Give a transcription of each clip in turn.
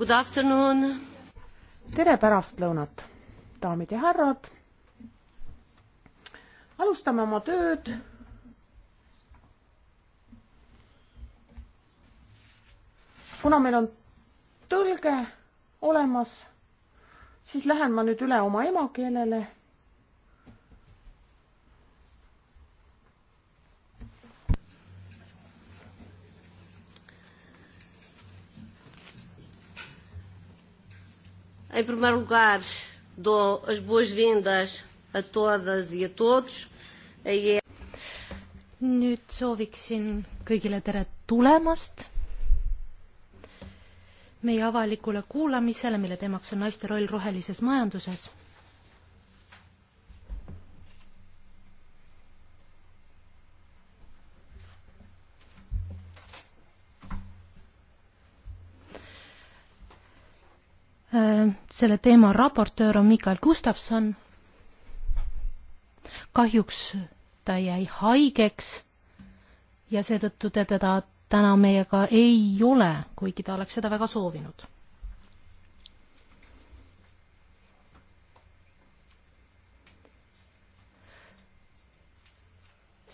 Good afternoon! tere pärastlõunat, daamid ja härrad! alustame oma tööd. kuna meil on tõlge olemas, siis lähen ma nüüd üle oma emakeelele Em primeiro lugar, dou as boas-vindas a todas e a todos. nüüd sooviksin kõigile tere tulemast meie avalikule kuulamisele, mille teemaks on naiste roll rohelises majanduses Äh, selle teema raportöör on Mikael Gustavson. kahjuks ta jäi haigeks ja seetõttu te teda täna meiega ei ole, kuigi ta oleks seda väga soovinud.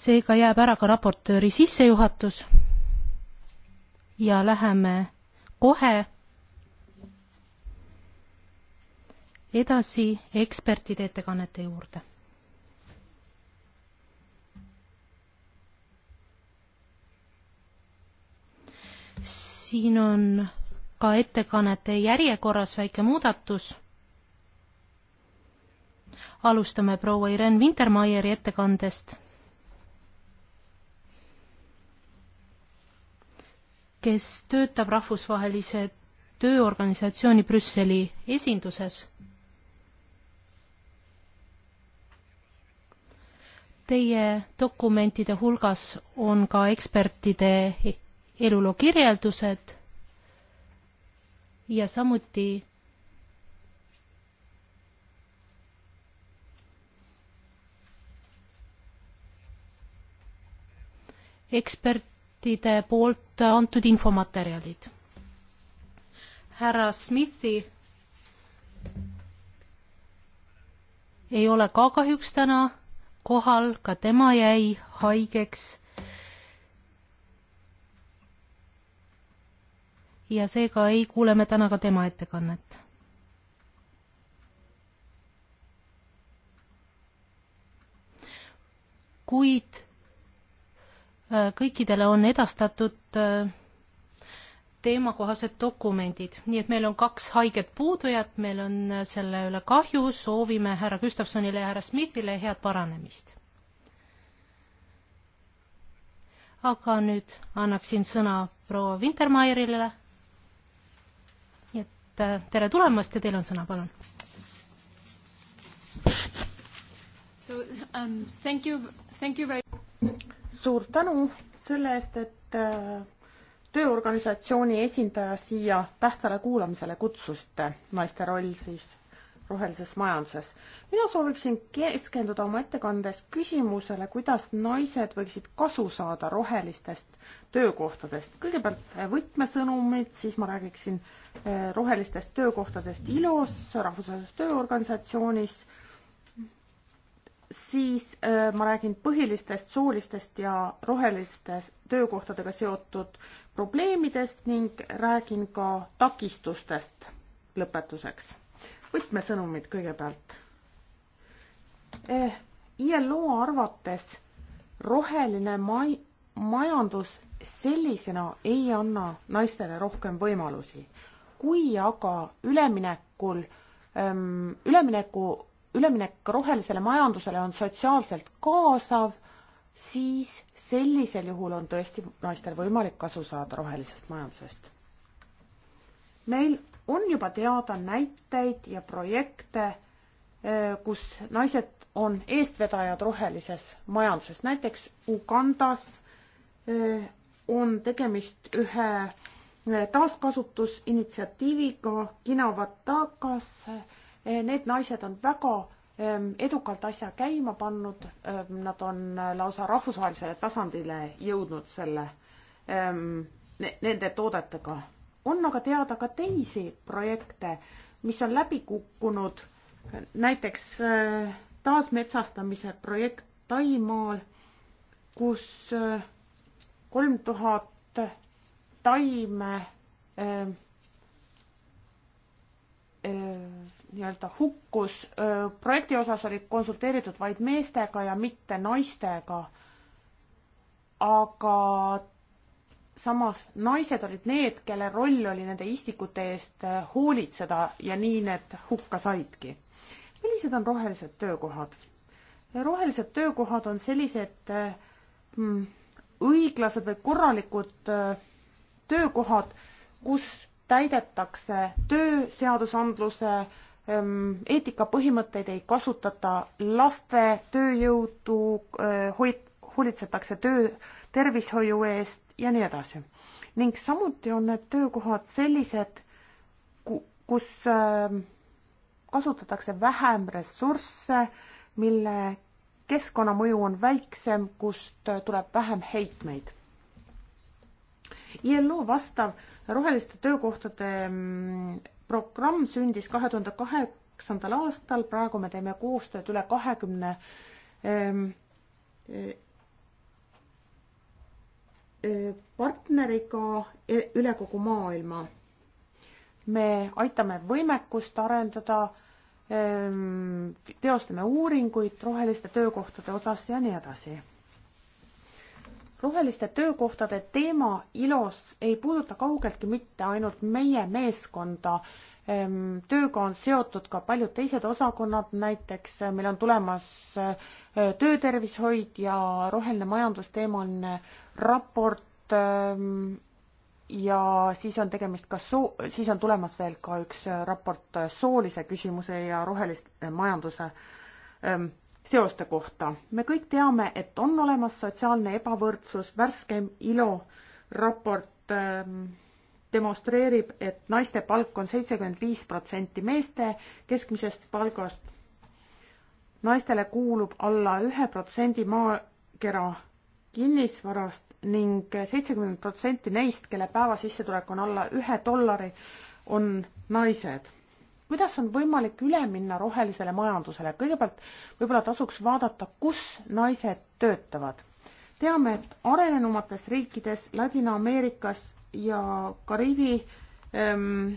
seega jääb ära ka raportööri sissejuhatus ja läheme kohe edasi ekspertide ettekannete juurde. siin on ka ettekannete järjekorras väike muudatus. alustame proua Irene Wintermeieri ettekandest, kes töötab rahvusvahelise tööorganisatsiooni Brüsseli esinduses Teie dokumentide hulgas on ka ekspertide eluloo kirjeldused ja samuti ekspertide poolt antud infomaterjalid. härra Smithi ei ole ka kahjuks täna kohal, ka tema jäi haigeks. ja seega ei kuule me täna ka tema ettekannet. kuid äh, kõikidele on edastatud äh, teemakohased dokumendid, nii et meil on kaks haiget puudujat, meil on äh, selle üle kahju, soovime härra Gustavsonile ja härra Smithile head paranemist. aga nüüd annaksin sõna proua Wintermeierile. nii et äh, tere tulemast ja teil on sõna, palun. So um, thank you, thank you very suur tänu selle eest, et äh, tööorganisatsiooni esindaja siia tähtsale kuulamisele kutsusite, naiste roll siis rohelises majanduses. mina sooviksin keskenduda oma ettekandes küsimusele, kuidas naised võiksid kasu saada rohelistest töökohtadest. kõigepealt eh, võtmesõnumid, siis ma räägiksin eh, rohelistest töökohtadest ILO-s, rahvusvahelises tööorganisatsioonis siis äh, ma räägin põhilistest soolistest ja roheliste töökohtadega seotud probleemidest ning räägin ka takistustest lõpetuseks. võtmesõnumid kõigepealt eh,. Äh, ILO arvates roheline mai-, majandus sellisena ei anna naistele rohkem võimalusi. kui aga üleminekul, ähm, ülemineku üleminek rohelisele majandusele on sotsiaalselt kaasav, siis sellisel juhul on tõesti naistel võimalik kasu saada rohelisest majandusest. meil on juba teada näiteid ja projekte, eh, kus naised on eestvedajad rohelises majanduses, näiteks Ugandas eh, on tegemist ühe eh, taaskasutusinitsiatiiviga Kinavatakas, Eh, need naised on väga ehm, edukalt asja käima pannud, ehm, nad on eh, lausa rahvusvahelisele tasandile jõudnud selle, ehm, nende toodetega. on aga teada ka teisi projekte, mis on läbi kukkunud, näiteks eh, taasmetsastamise projekt Taimaal, kus kolm tuhat taime Eh, nii-öelda hukkus. Eh, projekti osas oli konsulteeritud vaid meestega ja mitte naistega. aga samas naised olid need, kelle roll oli nende istikute eest eh, hoolitseda ja nii need hukka saidki. millised on rohelised töökohad? rohelised töökohad on sellised mm, õiglased või korralikud öö, töökohad, kus täidetakse tööseadusandluse ähm, eetikapõhimõtteid ei kasutata laste tööjõudu, äh, hoid-, hoolitsetakse töö, tervishoiu eest ja nii edasi. ning samuti on need töökohad sellised, kus ähm, kasutatakse vähem ressursse, mille keskkonnamõju on väiksem, kust äh, tuleb vähem heitmeid. ILO vastav roheliste töökohtade mm, programm sündis kahe tuhande kaheksandal aastal, praegu me teeme koostööd üle kahekümne ehm, e, e, partneriga e, üle kogu maailma. me aitame võimekust arendada, ehm, teostame uuringuid roheliste töökohtade osas ja nii edasi roheliste töökohtade teema ILOs ei puuduta kaugeltki mitte ainult meie meeskonda, ehm, tööga on seotud ka paljud teised osakonnad, näiteks eh, meil on tulemas eh, töötervishoid ja roheline majandusteemaline eh, raport ehm, ja siis on tegemist ka soo-, siis on tulemas veel ka üks raport soolise küsimuse ja rohelise majanduse ehm, seoste kohta. me kõik teame, et on olemas sotsiaalne ebavõrdsus, värskem ILO raport ähm, demonstreerib, et naiste palk on seitsekümmend viis protsenti meeste keskmisest palgast. naistele kuulub alla ühe protsendi maakera kinnisvarast ning seitsekümmend protsenti neist, kelle päevasissetulek on alla ühe dollari, on naised kuidas on võimalik üle minna rohelisele majandusele? kõigepealt võib-olla tasuks vaadata, kus naised töötavad. teame, et arenenumates riikides Ladina-Ameerikas ja Kariibi ähm,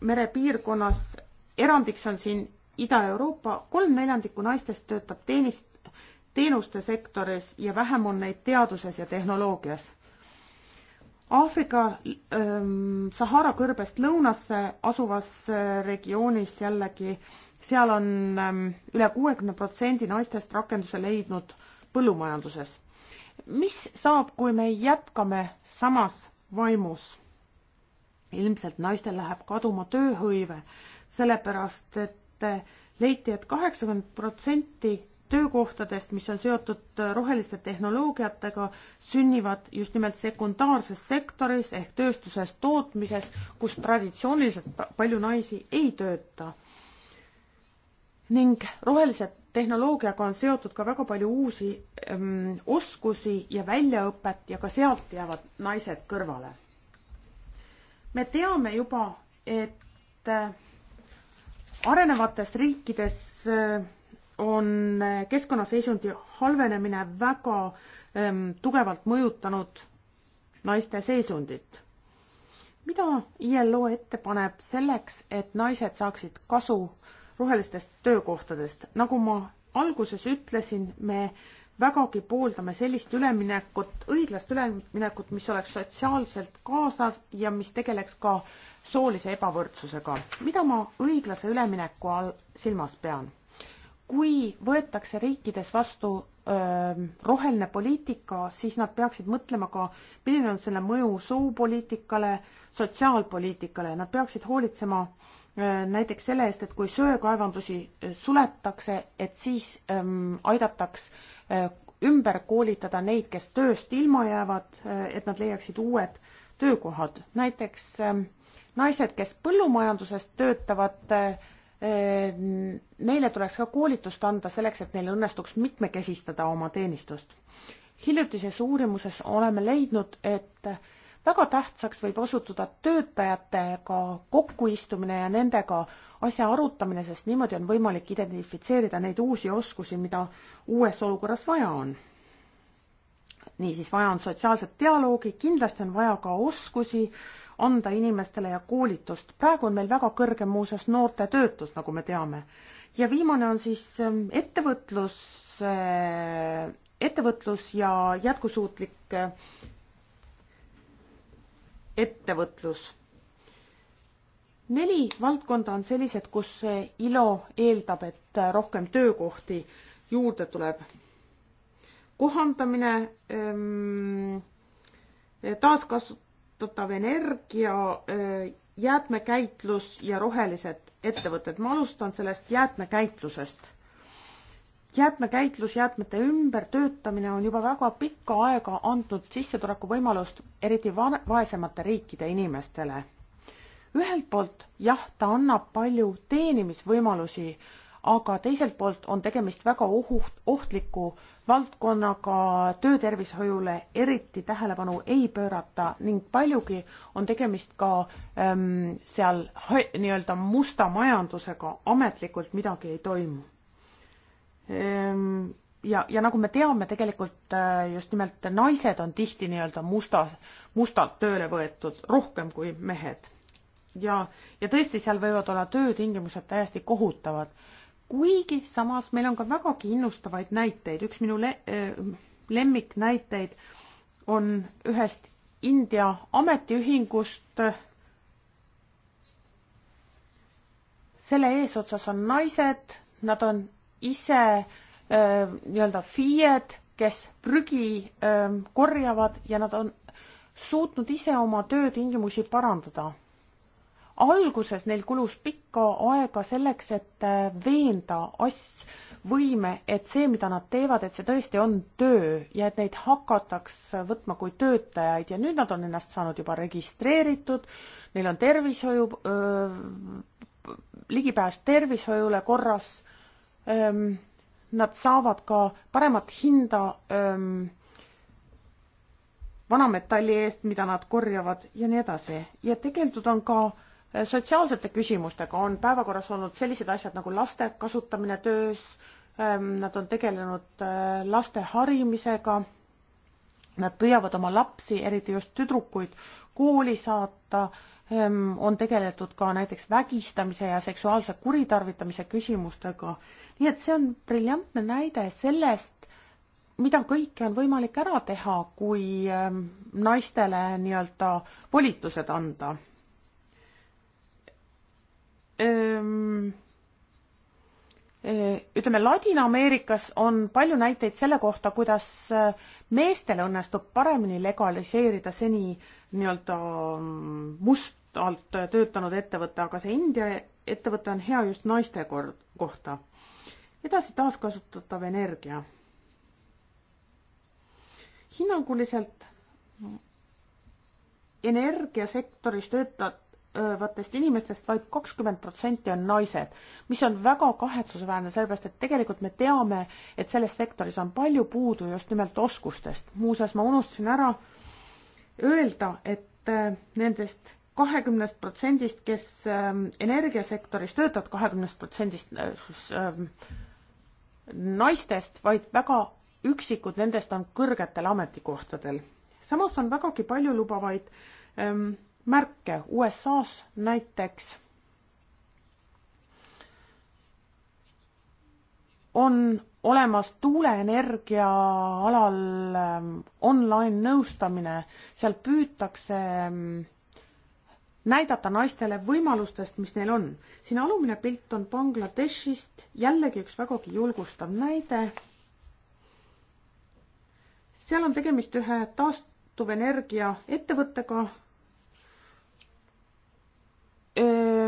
merepiirkonnas, erandiks on siin Ida-Euroopa, kolm neljandikku naistest töötab teenist, teenuste sektoris ja vähem on neid teaduses ja tehnoloogias Aafrika ähm, Sahara kõrbest lõunasse asuvas regioonis jällegi, seal on ähm, üle kuuekümne protsendi naistest rakenduse leidnud põllumajanduses. mis saab, kui me jätkame samas vaimus? ilmselt naistel läheb kaduma tööhõive, sellepärast et äh, leiti et, et kaheksakümmend protsenti töökohtadest, mis on seotud äh, roheliste tehnoloogiatega, sünnivad just nimelt sekundaarses sektoris ehk tööstuses, tootmises, kus traditsiooniliselt palju naisi ei tööta. ning rohelise tehnoloogiaga on seotud ka väga palju uusi öm, ähm, oskusi ja väljaõpet ja ka sealt jäävad naised kõrvale. me teame juba, et äh, arenevates riikides öö, äh, on keskkonnaseisundi halvenemine väga ähm, tugevalt mõjutanud naiste seisundit. mida ILO ette paneb selleks, et naised saaksid kasu rohelistest töökohtadest? nagu ma alguses ütlesin, me vägagi pooldame sellist üleminekut, õiglast üleminekut, mis oleks sotsiaalselt kaasav ja mis tegeleks ka soolise ebavõrdsusega. mida ma õiglase ülemineku all silmas pean? kui võetakse riikides vastu öö, roheline poliitika, siis nad peaksid mõtlema ka, milline on selle mõju suupoliitikale, sotsiaalpoliitikale, nad peaksid hoolitsema öö, näiteks selle eest, et kui söekaevandusi suletakse, et siis öö, aidataks öö, ümber koolitada neid, kes tööst ilma jäävad, et nad leiaksid uued töökohad, näiteks öö, naised, kes põllumajanduses töötavad öö, neile ehm, tuleks ka koolitust anda selleks, et neil õnnestuks mitmekesistada oma teenistust. hiljutises uurimuses oleme leidnud, et väga tähtsaks võib osutuda töötajatega kokkuistumine ja nendega asja arutamine, sest niimoodi on võimalik identifitseerida neid uusi oskusi, mida uues olukorras vaja on. niisiis, vaja on sotsiaalset dialoogi, kindlasti on vaja ka oskusi anda inimestele ja koolitust. praegu on meil väga kõrge muuseas noorte töötus, nagu me teame. ja viimane on siis ähm, ettevõtlus, äh, ettevõtlus ja jätkusuutlik äh, ettevõtlus. neli valdkonda on sellised, kus ILO eeldab, et äh, rohkem töökohti juurde tuleb. kohandamine ähm,, taaskasut-, kasutatav energia, jäätmekäitlus ja rohelised ettevõtted. ma alustan sellest jäätmekäitlusest. jäätmekäitlus, jäätmete ümbertöötamine on juba väga pikka aega andnud sissetulekuvõimalust eriti va vaesemate riikide inimestele. ühelt poolt jah, ta annab palju teenimisvõimalusi aga teiselt poolt on tegemist väga ohuht, ohtliku valdkonnaga, töötervishoiule eriti tähelepanu ei pöörata ning paljugi on tegemist ka ähm, seal nii-öelda musta majandusega, ametlikult midagi ei toimu ähm, ja, ja nagu me teame, tegelikult äh, just nimelt naised on tihti nii-öelda mustas, mustalt tööle võetud rohkem kui mehed. ja, ja tõesti, seal võivad olla töötingimused täiesti kohutavad kuigi samas meil on ka vägagi innustavaid näiteid, üks minu le-, äh, lemmiknäiteid on ühest India ametiühingust. selle eesotsas on naised, nad on ise äh, nii-öelda FIE-d, kes prügi öö, äh, korjavad ja nad on suutnud ise oma töötingimusi parandada alguses neil kulus pikka aega selleks, et äh, veenda asj võime, et see, mida nad teevad, et see tõesti on töö ja et neid hakataks äh, võtma kui töötajaid ja nüüd nad on ennast saanud juba registreeritud, neil on tervishoiu, äh, ligipääs tervishoiule korras, ähm, nad saavad ka paremat hinda öö, ähm, vanametalli eest, mida nad korjavad ja nii edasi ja tegelikult on ka sotsiaalsete küsimustega on päevakorras olnud sellised asjad nagu laste kasutamine töös, ähm, nad on tegelenud äh, laste harimisega, nad püüavad oma lapsi, eriti just tüdrukuid, kooli saata, ähm, on tegeletud ka näiteks vägistamise ja seksuaalse kuritarvitamise küsimustega. nii et see on briljantne näide sellest, mida kõike on võimalik ära teha, kui ähm, naistele nii-öelda volitused anda E, ütleme, Ladina-Ameerikas on palju näiteid selle kohta, kuidas e, meestel õnnestub paremini legaliseerida seni nii-öelda mustalt töötanud ettevõte, aga see India ettevõte on hea just naiste kohta. edasi taaskasutatav energia. hinnanguliselt energiasektoris töötab töötavatest inimestest vaid kakskümmend protsenti on naised, mis on väga kahetsusväärne, sellepärast et tegelikult me teame, et selles sektoris on palju puudu just nimelt oskustest. muuseas, ma unustasin ära öelda, et äh, nendest kahekümnest protsendist, kes ähm, energiasektoris töötavad, kahekümnest protsendist äh, ähm, naistest, vaid väga üksikud nendest on kõrgetel ametikohtadel. samas on vägagi paljulubavaid ähm, märke USA-s näiteks on olemas tuuleenergia alal ähm, online nõustamine, seal püütakse ähm, näidata naistele võimalustest, mis neil on. siin alumine pilt on Bangladeshist, jällegi üks vägagi julgustav näide. seal on tegemist ühe taastuvenergia ettevõttega,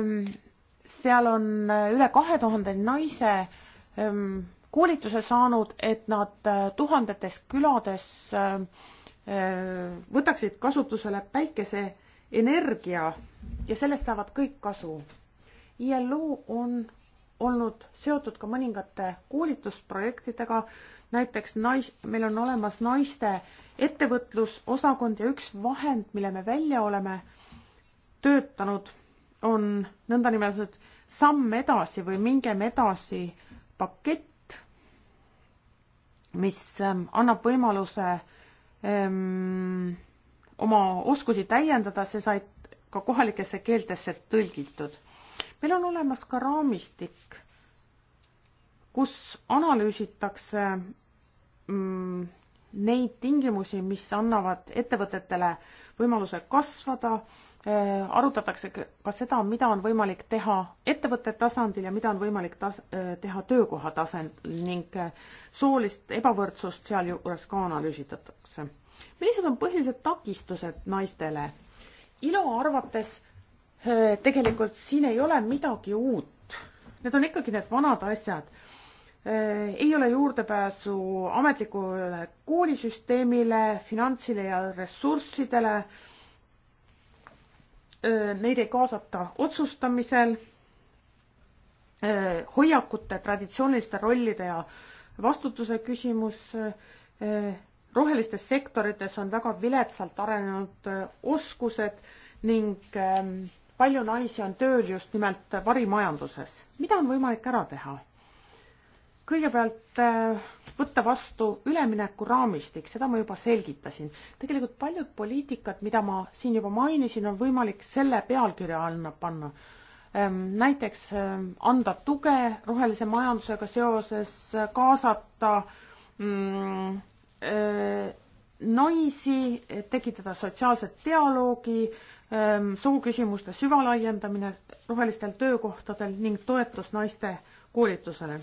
Ehm, seal on äh, üle kahe tuhande naise ehm, koolituse saanud, et nad äh, tuhandetes külades ehm, äh, võtaksid kasutusele päikeseenergia ja sellest saavad kõik kasu. ILO on olnud seotud ka mõningate koolitusprojektidega, näiteks nais, meil on olemas naiste ettevõtlusosakond ja üks vahend, mille me välja oleme töötanud on nõndanimetatud samm edasi või mingem edasi pakett, mis ähm, annab võimaluse öö, ähm, oma oskusi täiendada, see sai ka kohalikesse keeltesse tõlgitud. meil on olemas ka raamistik, kus analüüsitakse mm, neid tingimusi, mis annavad ettevõtetele võimaluse kasvada Äh, arutatakse ka seda, mida on võimalik teha ettevõtte tasandil ja mida on võimalik tas-, äh, teha töökoha tasandil ning äh, soolist ebavõrdsust sealjuures ka analüüsitatakse. millised on põhilised takistused naistele? ILO arvates tegelikult siin ei ole midagi uut. Need on ikkagi need vanad asjad. ei ole juurdepääsu ametlikule koolisüsteemile, finantsile ja ressurssidele neid ei kaasata otsustamisel, hoiakute, traditsiooniliste rollide ja vastutuse küsimus, rohelistes sektorites on väga viletsalt arenenud oskused ning palju naisi on tööl just nimelt varimajanduses. mida on võimalik ära teha? kõigepealt äh, võtta vastu ülemineku raamistik, seda ma juba selgitasin. tegelikult paljud poliitikad, mida ma siin juba mainisin, on võimalik selle pealkirja alla panna. Ähm, näiteks ähm, anda tuge rohelise majandusega seoses, kaasata mm, äh, naisi, tekitada sotsiaalset dialoogi, ähm, sooküsimuste süvalaiendamine rohelistel töökohtadel ning toetus naiste koolitusele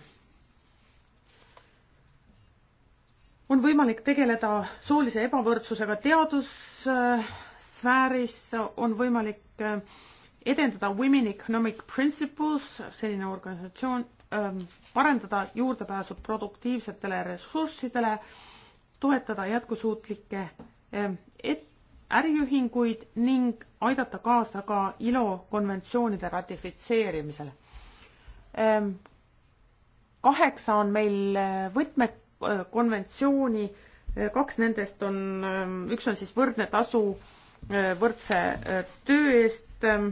on võimalik tegeleda soolise ebavõrdsusega teadussfääris, on võimalik äh, edendada Women Economic Principles, selline organisatsioon, ähm, parandada juurdepääsu produktiivsetele ressurssidele, toetada jätkusuutlikke ähm, äriühinguid ning aidata kaasa ka ILO konventsioonide ratifitseerimisele. Ähm, kaheksa on meil äh, võtmed Äh, konventsiooni, äh, kaks nendest on, ähm, üks on siis võrdne tasu äh, võrdse töö eest, ähm,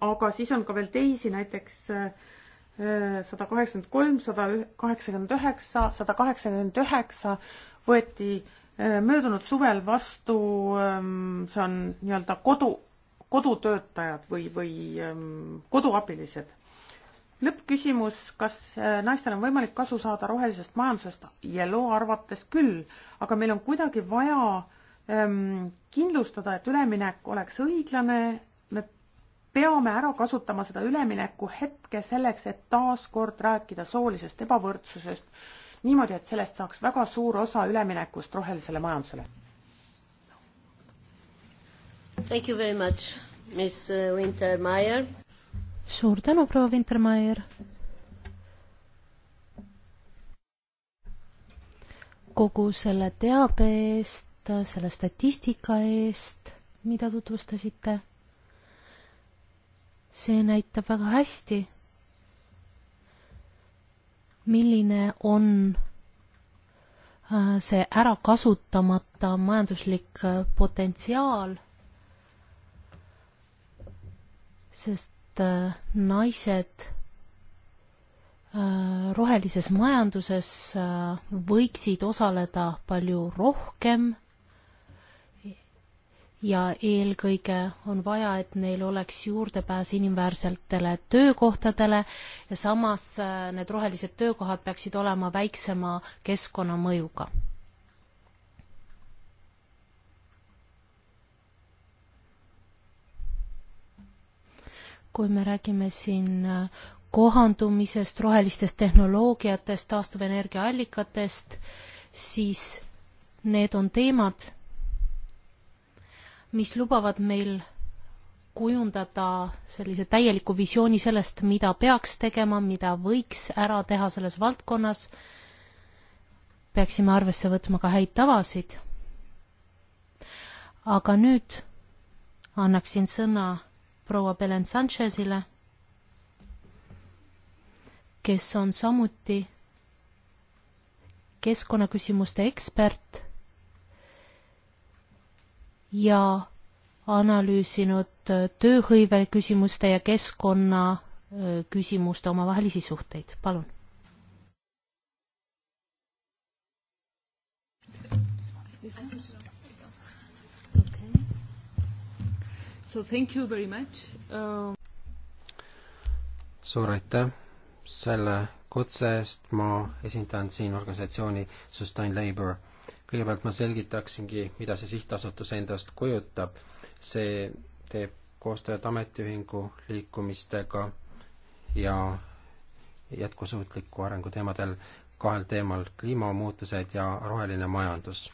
aga siis on ka veel teisi, näiteks sada kaheksakümmend kolm, sada kaheksakümmend üheksa, sada kaheksakümmend üheksa võeti möödunud suvel vastu, ähm, see on nii-öelda kodu, kodutöötajad või, või koduabilised lõppküsimus, kas äh, naistel on võimalik kasu saada rohelisest majandusest? Yellow arvates küll, aga meil on kuidagi vaja ähm, kindlustada, et üleminek oleks õiglane. me peame ära kasutama seda ülemineku hetke selleks, et taaskord rääkida soolisest ebavõrdsusest niimoodi, et sellest saaks väga suur osa üleminekust rohelisele majandusele. Thank you very much, Miss äh, Wintermeier suur tänu, proua Vintermaier. kogu selle teabe eest, selle statistika eest, mida tutvustasite. see näitab väga hästi, milline on äh, see ära kasutamata majanduslik äh, potentsiaal, sest et äh, naised äh, rohelises majanduses äh, võiksid osaleda palju rohkem ja eelkõige on vaja, et neil oleks juurdepääs inimväärsetele töökohtadele ja samas need rohelised töökohad peaksid olema väiksema keskkonnamõjuga kui me räägime siin äh, kohandumisest, rohelistest tehnoloogiatest, taastuvenergiaallikatest, siis need on teemad, mis lubavad meil kujundada sellise täieliku visiooni sellest, mida peaks tegema, mida võiks ära teha selles valdkonnas, peaksime arvesse võtma ka häid tavasid. aga nüüd annaksin sõna proua Belen Sanchezile, kes on samuti keskkonnaküsimuste ekspert ja analüüsinud tööhõive küsimuste ja keskkonna küsimuste omavahelisi suhteid, palun. This one. So thank you very much uh.... suur aitäh selle kutse eest, ma esindan siin organisatsiooni Sustain Labour. kõigepealt ma selgitaksingi, mida see sihtasutus endast kujutab. see teeb koostööd ametiühingu liikumistega ja jätkusuutliku arengu teemadel kahel teemal, kliimamuutused ja roheline majandus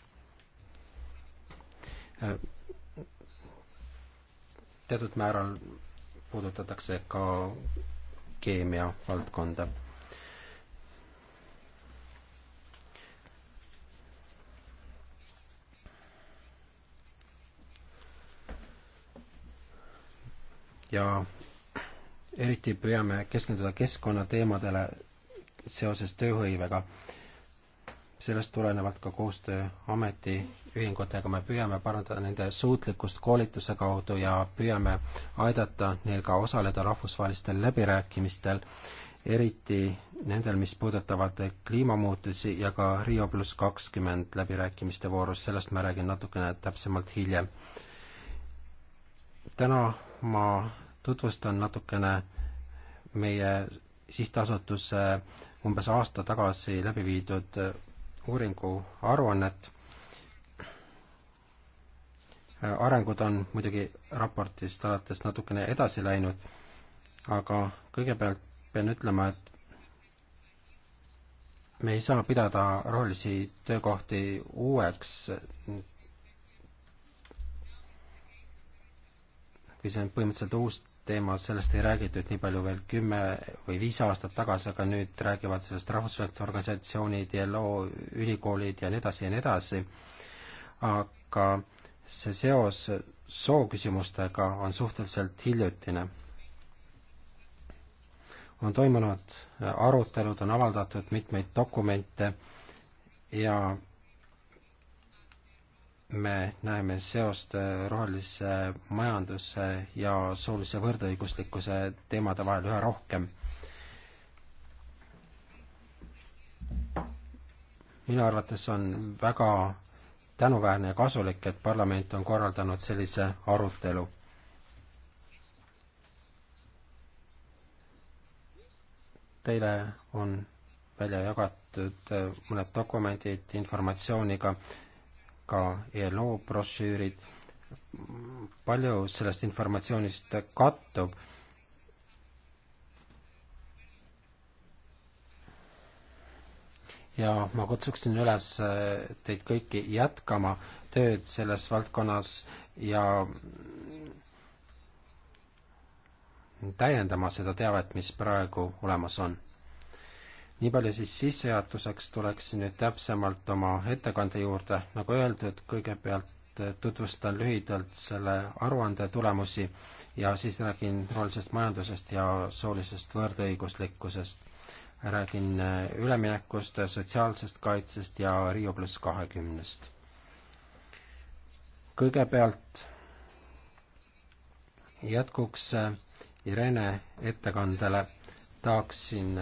teatud määral puudutatakse ka keemia valdkonda. ja eriti püüame keskenduda keskkonnateemadele seoses tööhõivega sellest tulenevalt ka koostöö ametiühingutega me püüame parandada nende suutlikkust koolituse kaudu ja püüame aidata neil ka osaleda rahvusvahelistel läbirääkimistel, eriti nendel, mis puudutavad kliimamuutusi ja ka Rio pluss kakskümmend läbirääkimiste voorus, sellest ma räägin natukene täpsemalt hiljem. täna ma tutvustan natukene meie sihtasutuse umbes aasta tagasi läbi viidud uuringu aruannet. Äh, arengud on muidugi raportist alates natukene edasi läinud, aga kõigepealt pean ütlema, et me ei saa pidada rohelisi töökohti uueks või see on põhimõtteliselt uus teema, sellest ei räägitud nii palju veel kümme või viis aastat tagasi, aga nüüd räägivad sellest rahvusvahelised organisatsioonid, ILO, ülikoolid ja nii edasi ja nii edasi, aga see seos sooküsimustega on suhteliselt hiljutine. on toimunud arutelud, on avaldatud mitmeid dokumente ja me näeme seost äh, rohelise majanduse ja soolise võrdõiguslikkuse teemade vahel üha rohkem. minu arvates on väga tänuväärne ja kasulik, et parlament on korraldanud sellise arutelu. Teile on välja jagatud äh, mõned dokumendid informatsiooniga äh, ka ILO e brošüürid, palju sellest informatsioonist kattub ja ma kutsuksin üles teid kõiki jätkama tööd selles valdkonnas ja täiendama seda teavet, mis praegu olemas on nii palju siis sissejuhatuseks tuleksin nüüd täpsemalt oma ettekande juurde. nagu öeldud, kõigepealt eh, tutvustan lühidalt selle aruande tulemusi ja siis räägin rohelisest majandusest ja soolisest võrdõiguslikkusest. räägin eh, üleminekust, sotsiaalsest kaitsest ja Riio pluss kahekümnest. kõigepealt jätkuks eh, Irene ettekandele tahaksin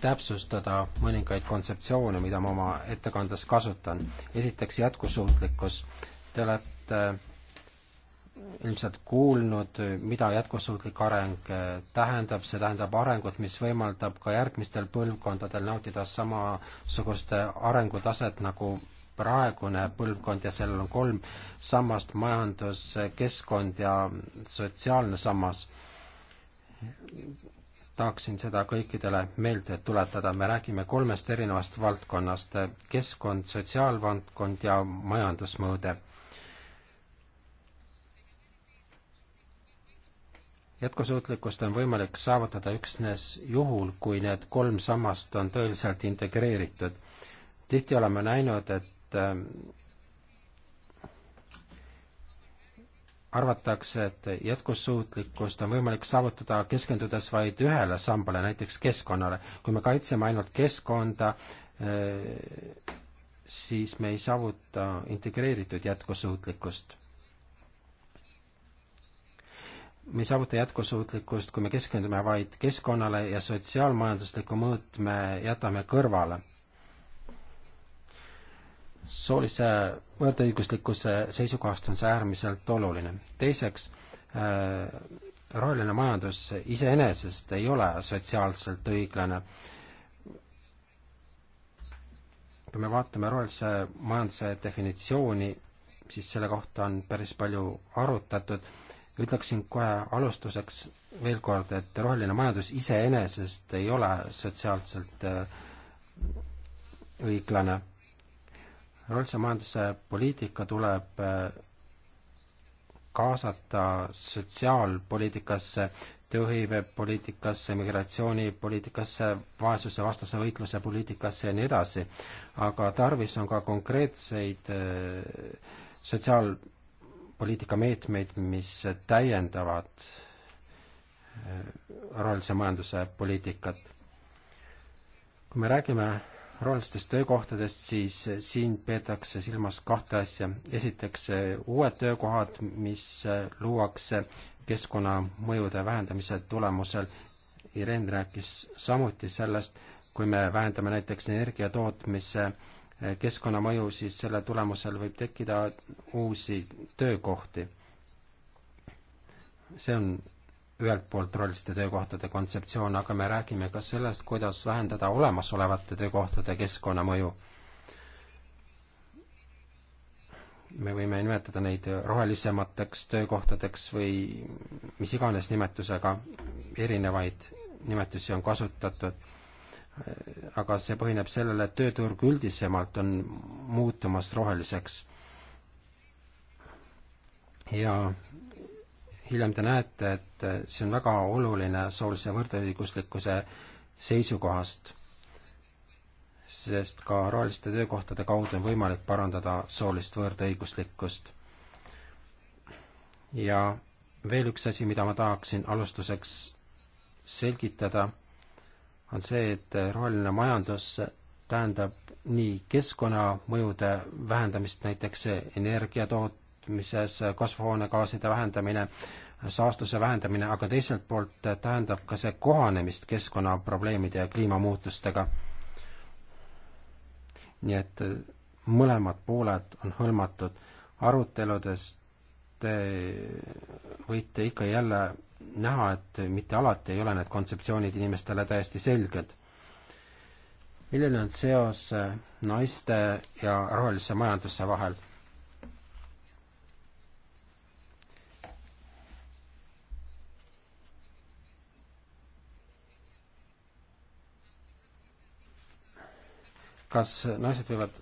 täpsustada mõningaid kontseptsioone, mida ma oma ettekandes kasutan. esiteks jätkusuutlikkus. Te olete äh, ilmselt kuulnud, mida jätkusuutlik areng äh, tähendab, see tähendab arengut, mis võimaldab ka järgmistel põlvkondadel nautida samasugust arengutaset nagu praegune põlvkond ja sellel on kolm sammast, majandus, äh, keskkond ja sotsiaalne sammas tahaksin seda kõikidele meelde tuletada, me räägime kolmest erinevast valdkonnast, keskkond, sotsiaalvaldkond ja majandusmõõde. jätkusuutlikkust on võimalik saavutada üksnes juhul, kui need kolm sammast on tõeliselt integreeritud. tihti oleme näinud, et arvatakse, et jätkussuutlikkust on võimalik saavutada keskendudes vaid ühele sambale, näiteks keskkonnale. kui me kaitseme ainult keskkonda, eh, siis me ei saavuta integreeritud jätkusuutlikkust. me ei saavuta jätkusuutlikkust, kui me keskendume vaid keskkonnale ja sotsiaalmajandusliku mõõtme jätame kõrvale soolise võrdõiguslikkuse seisukohast on see äärmiselt oluline. teiseks, äh, roheline majandus iseenesest ei ole sotsiaalselt õiglane. kui me vaatame rohelise majanduse definitsiooni, siis selle kohta on päris palju arutatud. ütleksin kohe alustuseks veel kord, et roheline majandus iseenesest ei ole sotsiaalselt äh, õiglane üleüldse majanduspoliitika tuleb äh, kaasata sotsiaalpoliitikasse, tööhõivepoliitikasse, migratsioonipoliitikasse, vaesusevastase võitluse poliitikasse ja nii edasi. aga tarvis on ka konkreetseid äh, sotsiaalpoliitika meetmeid, mis täiendavad äh, rohelise majanduse poliitikat. kui me räägime rohelistest töökohtadest, siis siin peetakse silmas kahte asja. esiteks uued töökohad, mis luuakse keskkonnamõjude vähendamise tulemusel. Irene rääkis samuti sellest, kui me vähendame näiteks energiatootmise keskkonnamõju, siis selle tulemusel võib tekkida uusi töökohti. see on ühelt poolt rolliste töökohtade kontseptsioon, aga me räägime ka sellest, kuidas vähendada olemasolevate töökohtade keskkonnamõju. me võime nimetada neid rohelisemateks töökohtadeks või mis iganes nimetusega, erinevaid nimetusi on kasutatud, aga see põhineb sellele, et tööturg üldisemalt on muutumas roheliseks. ja hiljem te näete, et see on väga oluline soolise võrdõiguslikkuse seisukohast, sest ka roheliste töökohtade kaudu on võimalik parandada soolist võrdõiguslikkust. ja veel üks asi, mida ma tahaksin alustuseks selgitada, on see, et roheline majandus tähendab nii keskkonnamõjude vähendamist, näiteks energiatoot-, tootmises kasvuhoonegaaside vähendamine, saastuse vähendamine, aga teiselt poolt tähendab ka see kohanemist keskkonnaprobleemide ja kliimamuutustega. nii et mõlemad pooled on hõlmatud. aruteludes te eh, võite ikka ja jälle näha, et mitte alati ei ole need kontseptsioonid inimestele täiesti selged. milline on seos eh, naiste ja rohelise majanduse vahel? kas naised võivad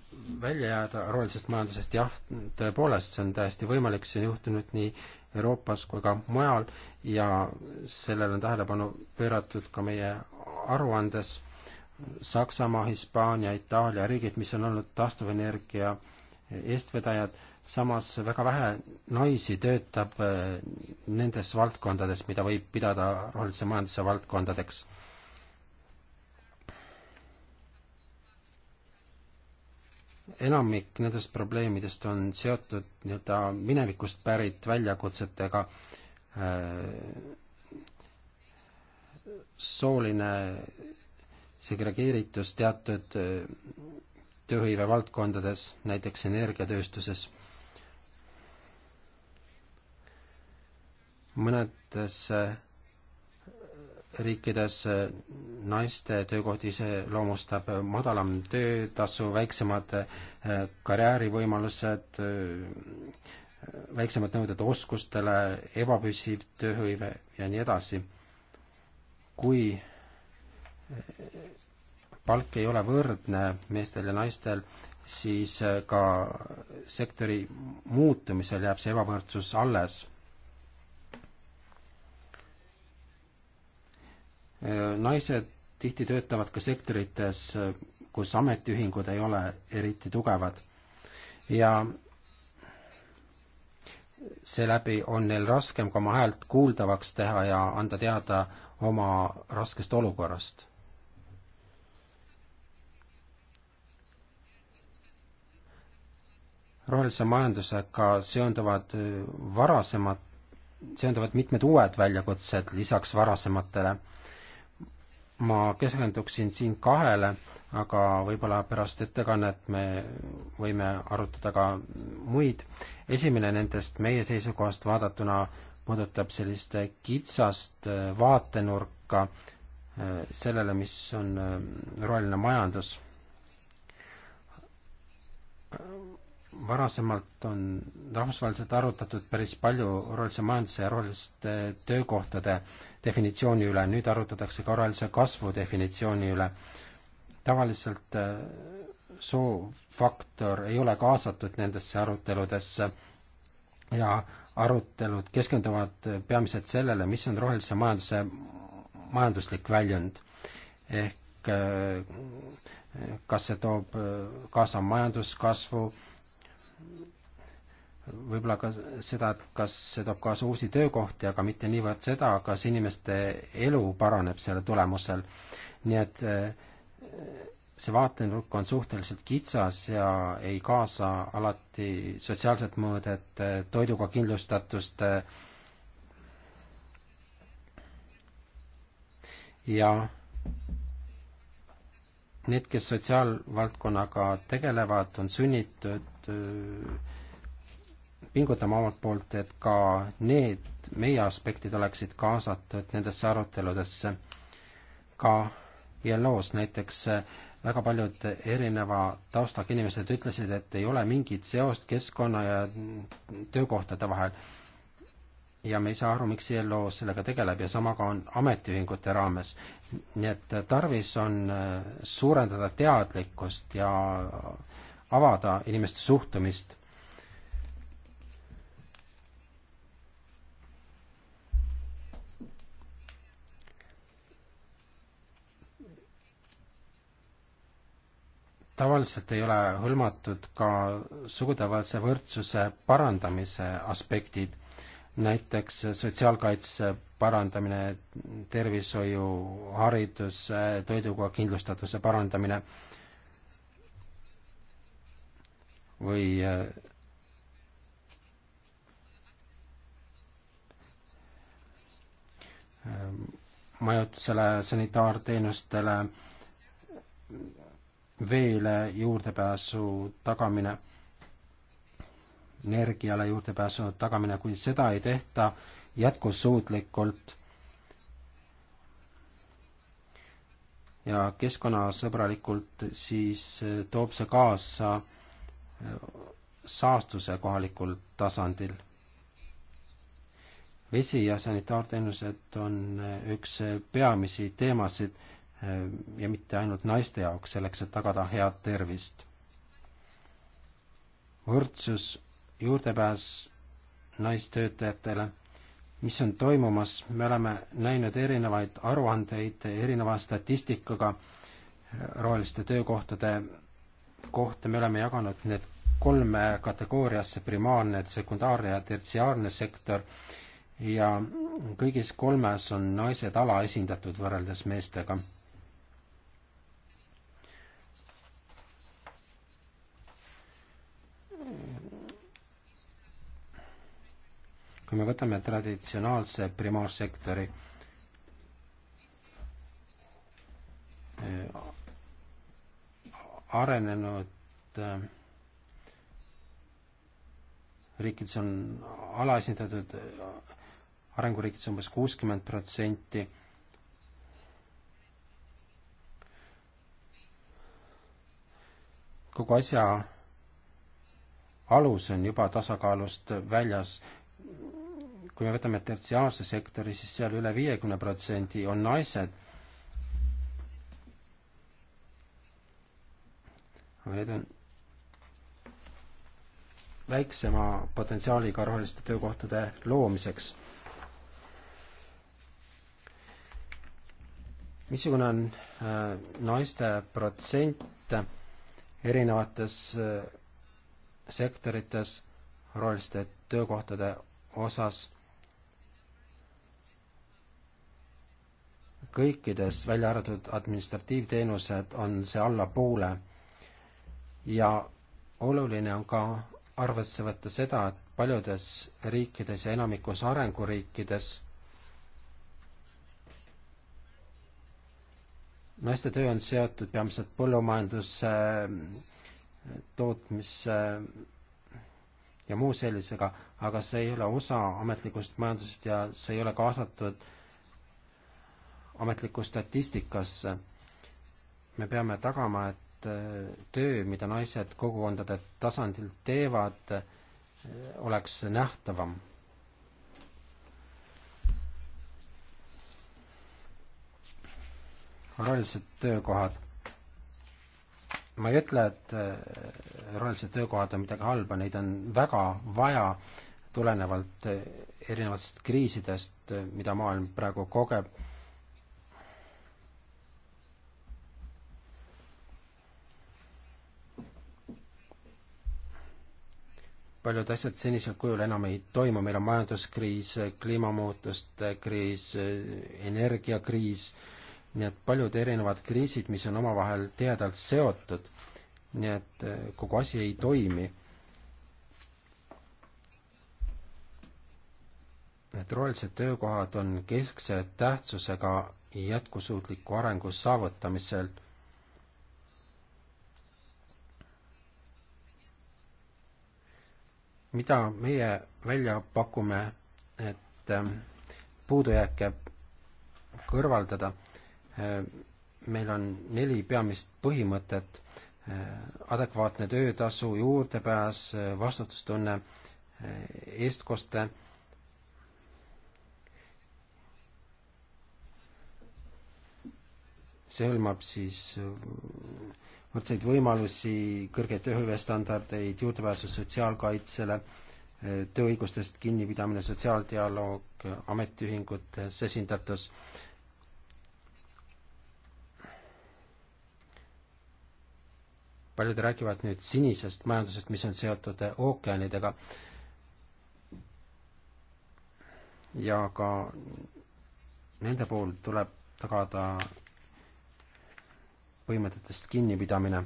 välja jääda rohelisest majandusest, jah, tõepoolest, see on täiesti võimalik, see on juhtunud nii Euroopas kui ka mujal ja sellele on tähelepanu pööratud ka meie aruandes Saksamaa, Hispaania, Itaalia riigid, mis on olnud taastuvenergia eestvedajad, samas väga vähe naisi töötab eh, nendes valdkondades, mida võib pidada rohelise majanduse valdkondadeks. enamik nendest probleemidest on seotud nii-öelda minevikust pärit väljakutsetega, äh, sooline segregeeritus teatud äh, tööhõive valdkondades, näiteks energiatööstuses. mõnedes äh, riikides eh, naiste töökohti iseloomustab madalam töötasu, väiksemad eh, karjäärivõimalused, eh, väiksemad nõuded oskustele, ebapüsiv tööhõive ja nii edasi. kui palk ei ole võrdne meestel ja naistel, siis ka sektori muutumisel jääb see ebavõrdsus alles Äh, naised tihti töötavad ka sektorites, äh, kus ametiühingud ei ole eriti tugevad ja seeläbi on neil raskem ka oma häält kuuldavaks teha ja anda teada oma raskest olukorrast. rohelise majandusega seonduvad äh, varasemad, seonduvad mitmed uued väljakutsed lisaks varasematele äh, ma keskenduksin siin kahele, aga võib-olla pärast ettekannet me võime arutada ka muid. esimene nendest meie seisukohast vaadatuna puudutab sellist kitsast vaatenurka eh, sellele, mis on eh, roheline majandus varasemalt on rahvusvaheliselt arutatud päris palju rohelise majanduse ja roheliste töökohtade definitsiooni üle, nüüd arutatakse ka rohelise kasvu definitsiooni üle. tavaliselt äh, soofaktor ei ole kaasatud nendesse aruteludesse ja arutelud keskenduvad peamiselt sellele, mis on rohelise majanduse majanduslik väljund. ehk äh, kas see toob äh, kaasa majanduskasvu, võib-olla ka seda, et kas see toob kaasa uusi töökohti, aga mitte niivõrd seda, kas inimeste elu paraneb selle tulemusel. nii et eh, see vaatenurk on suhteliselt kitsas ja ei kaasa alati sotsiaalset mõõdet, eh, toiduga kindlustatust eh, ja need, kes sotsiaalvaldkonnaga tegelevad, on sunnitud Äh, pingutame omalt poolt, et ka need meie aspektid oleksid kaasatud nendesse aruteludesse. ka ILO-s näiteks äh, väga paljud erineva taustaga inimesed ütlesid, et ei ole mingit seost keskkonna ja töökohtade vahel. ja me ei saa aru, miks ILO sellega tegeleb ja sama ka on ametiühingute raames. nii et tarvis on äh, suurendada teadlikkust ja avada inimeste suhtumist. tavaliselt ei ole hõlmatud ka sugudevahelise võrdsuse parandamise aspektid, näiteks sotsiaalkaitse parandamine, tervishoiu, haridus, toiduga kindlustatuse parandamine või äh, majutusele, sanitaarteenustele, veele juurdepääsu tagamine, energiale juurdepääsu tagamine, kui seda ei tehta jätkusuutlikult ja keskkonnasõbralikult, siis toob see kaasa äh, saastuse kohalikul tasandil. vesi ja sanitaarteenused on üks peamisi teemasid ja mitte ainult naiste jaoks, selleks et tagada head tervist. võrdsus, juurdepääs naistöötajatele, mis on toimumas, me oleme näinud erinevaid aruandeid erineva statistikaga roheliste töökohtade kohta me oleme jaganud need kolme kategooriasse, primaarne, sekundaarne ja tertsiaarne sektor ja kõigis kolmes on naised alaesindatud võrreldes meestega. kui me võtame traditsionaalse primaarsektori arenenud äh, riikides on alaesindatud, arenguriikides umbes kuuskümmend protsenti kogu asja alus on juba tasakaalust väljas. kui me võtame tertsiaalse sektori, siis seal üle viiekümne protsendi on naised aga need on väiksema potentsiaaliga roheliste töökohtade loomiseks. missugune on äh, naiste protsent erinevates äh, sektorites roheliste töökohtade osas? kõikides, välja arvatud administratiivteenused, on see alla poole ja oluline on ka arvesse võtta seda, et paljudes riikides ja enamikus arenguriikides naiste töö on seotud peamiselt põllumajanduse tootmise ja muu sellisega, aga see ei ole osa ametlikust majandusest ja see ei ole kaasatud ametlikku statistikasse. me peame tagama, et Äh, töö, mida naised kogukondade tasandil teevad, äh, oleks nähtavam. rohelised töökohad. ma ei ütle, et äh, rohelised töökohad on midagi halba, neid on väga vaja tulenevalt erinevatest kriisidest, mida maailm praegu kogeb paljud asjad senisel kujul enam ei toimu, meil on majanduskriis, kliimamuutuste kriis, energiakriis, nii et paljud erinevad kriisid, mis on omavahel tihedalt seotud, nii et eh, kogu asi ei toimi. et rohelised töökohad on keskse tähtsusega jätkusuutliku arengu saavutamisel mida meie välja pakume, et ähm, puudujääke kõrvaldada, äh, meil on neli peamist põhimõtet, äh, adekvaatne töötasu, juurdepääs, äh, vastutustunne, eestkoste, see hõlmab siis võrdseid võimalusi, kõrgeid tööhõivestandardeid, juurdepääsu sotsiaalkaitsele, tööõigustest kinnipidamine, sotsiaaldialoog, ametiühingutes esindatus. paljud räägivad nüüd sinisest majandusest, mis on seotud ookeanidega ja ka nende puhul tuleb tagada põhimõtetest kinnipidamine.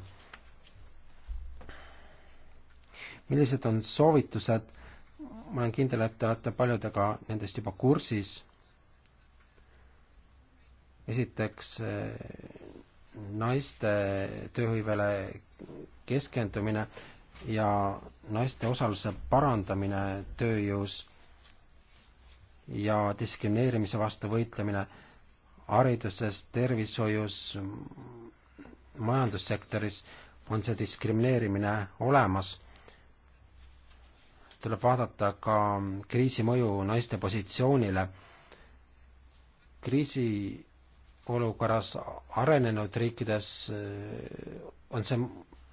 millised on soovitused, ma olen kindel, et te olete paljudega nendest juba kursis, esiteks eh, naiste tööhõivele keskendumine ja naiste osaluse parandamine tööjõus ja diskrimineerimise vastu võitlemine hariduses, tervishoius, majandussektoris on see diskrimineerimine olemas. tuleb vaadata ka kriisi mõju naiste positsioonile. kriisiolukorras arenenud riikides eh, on see,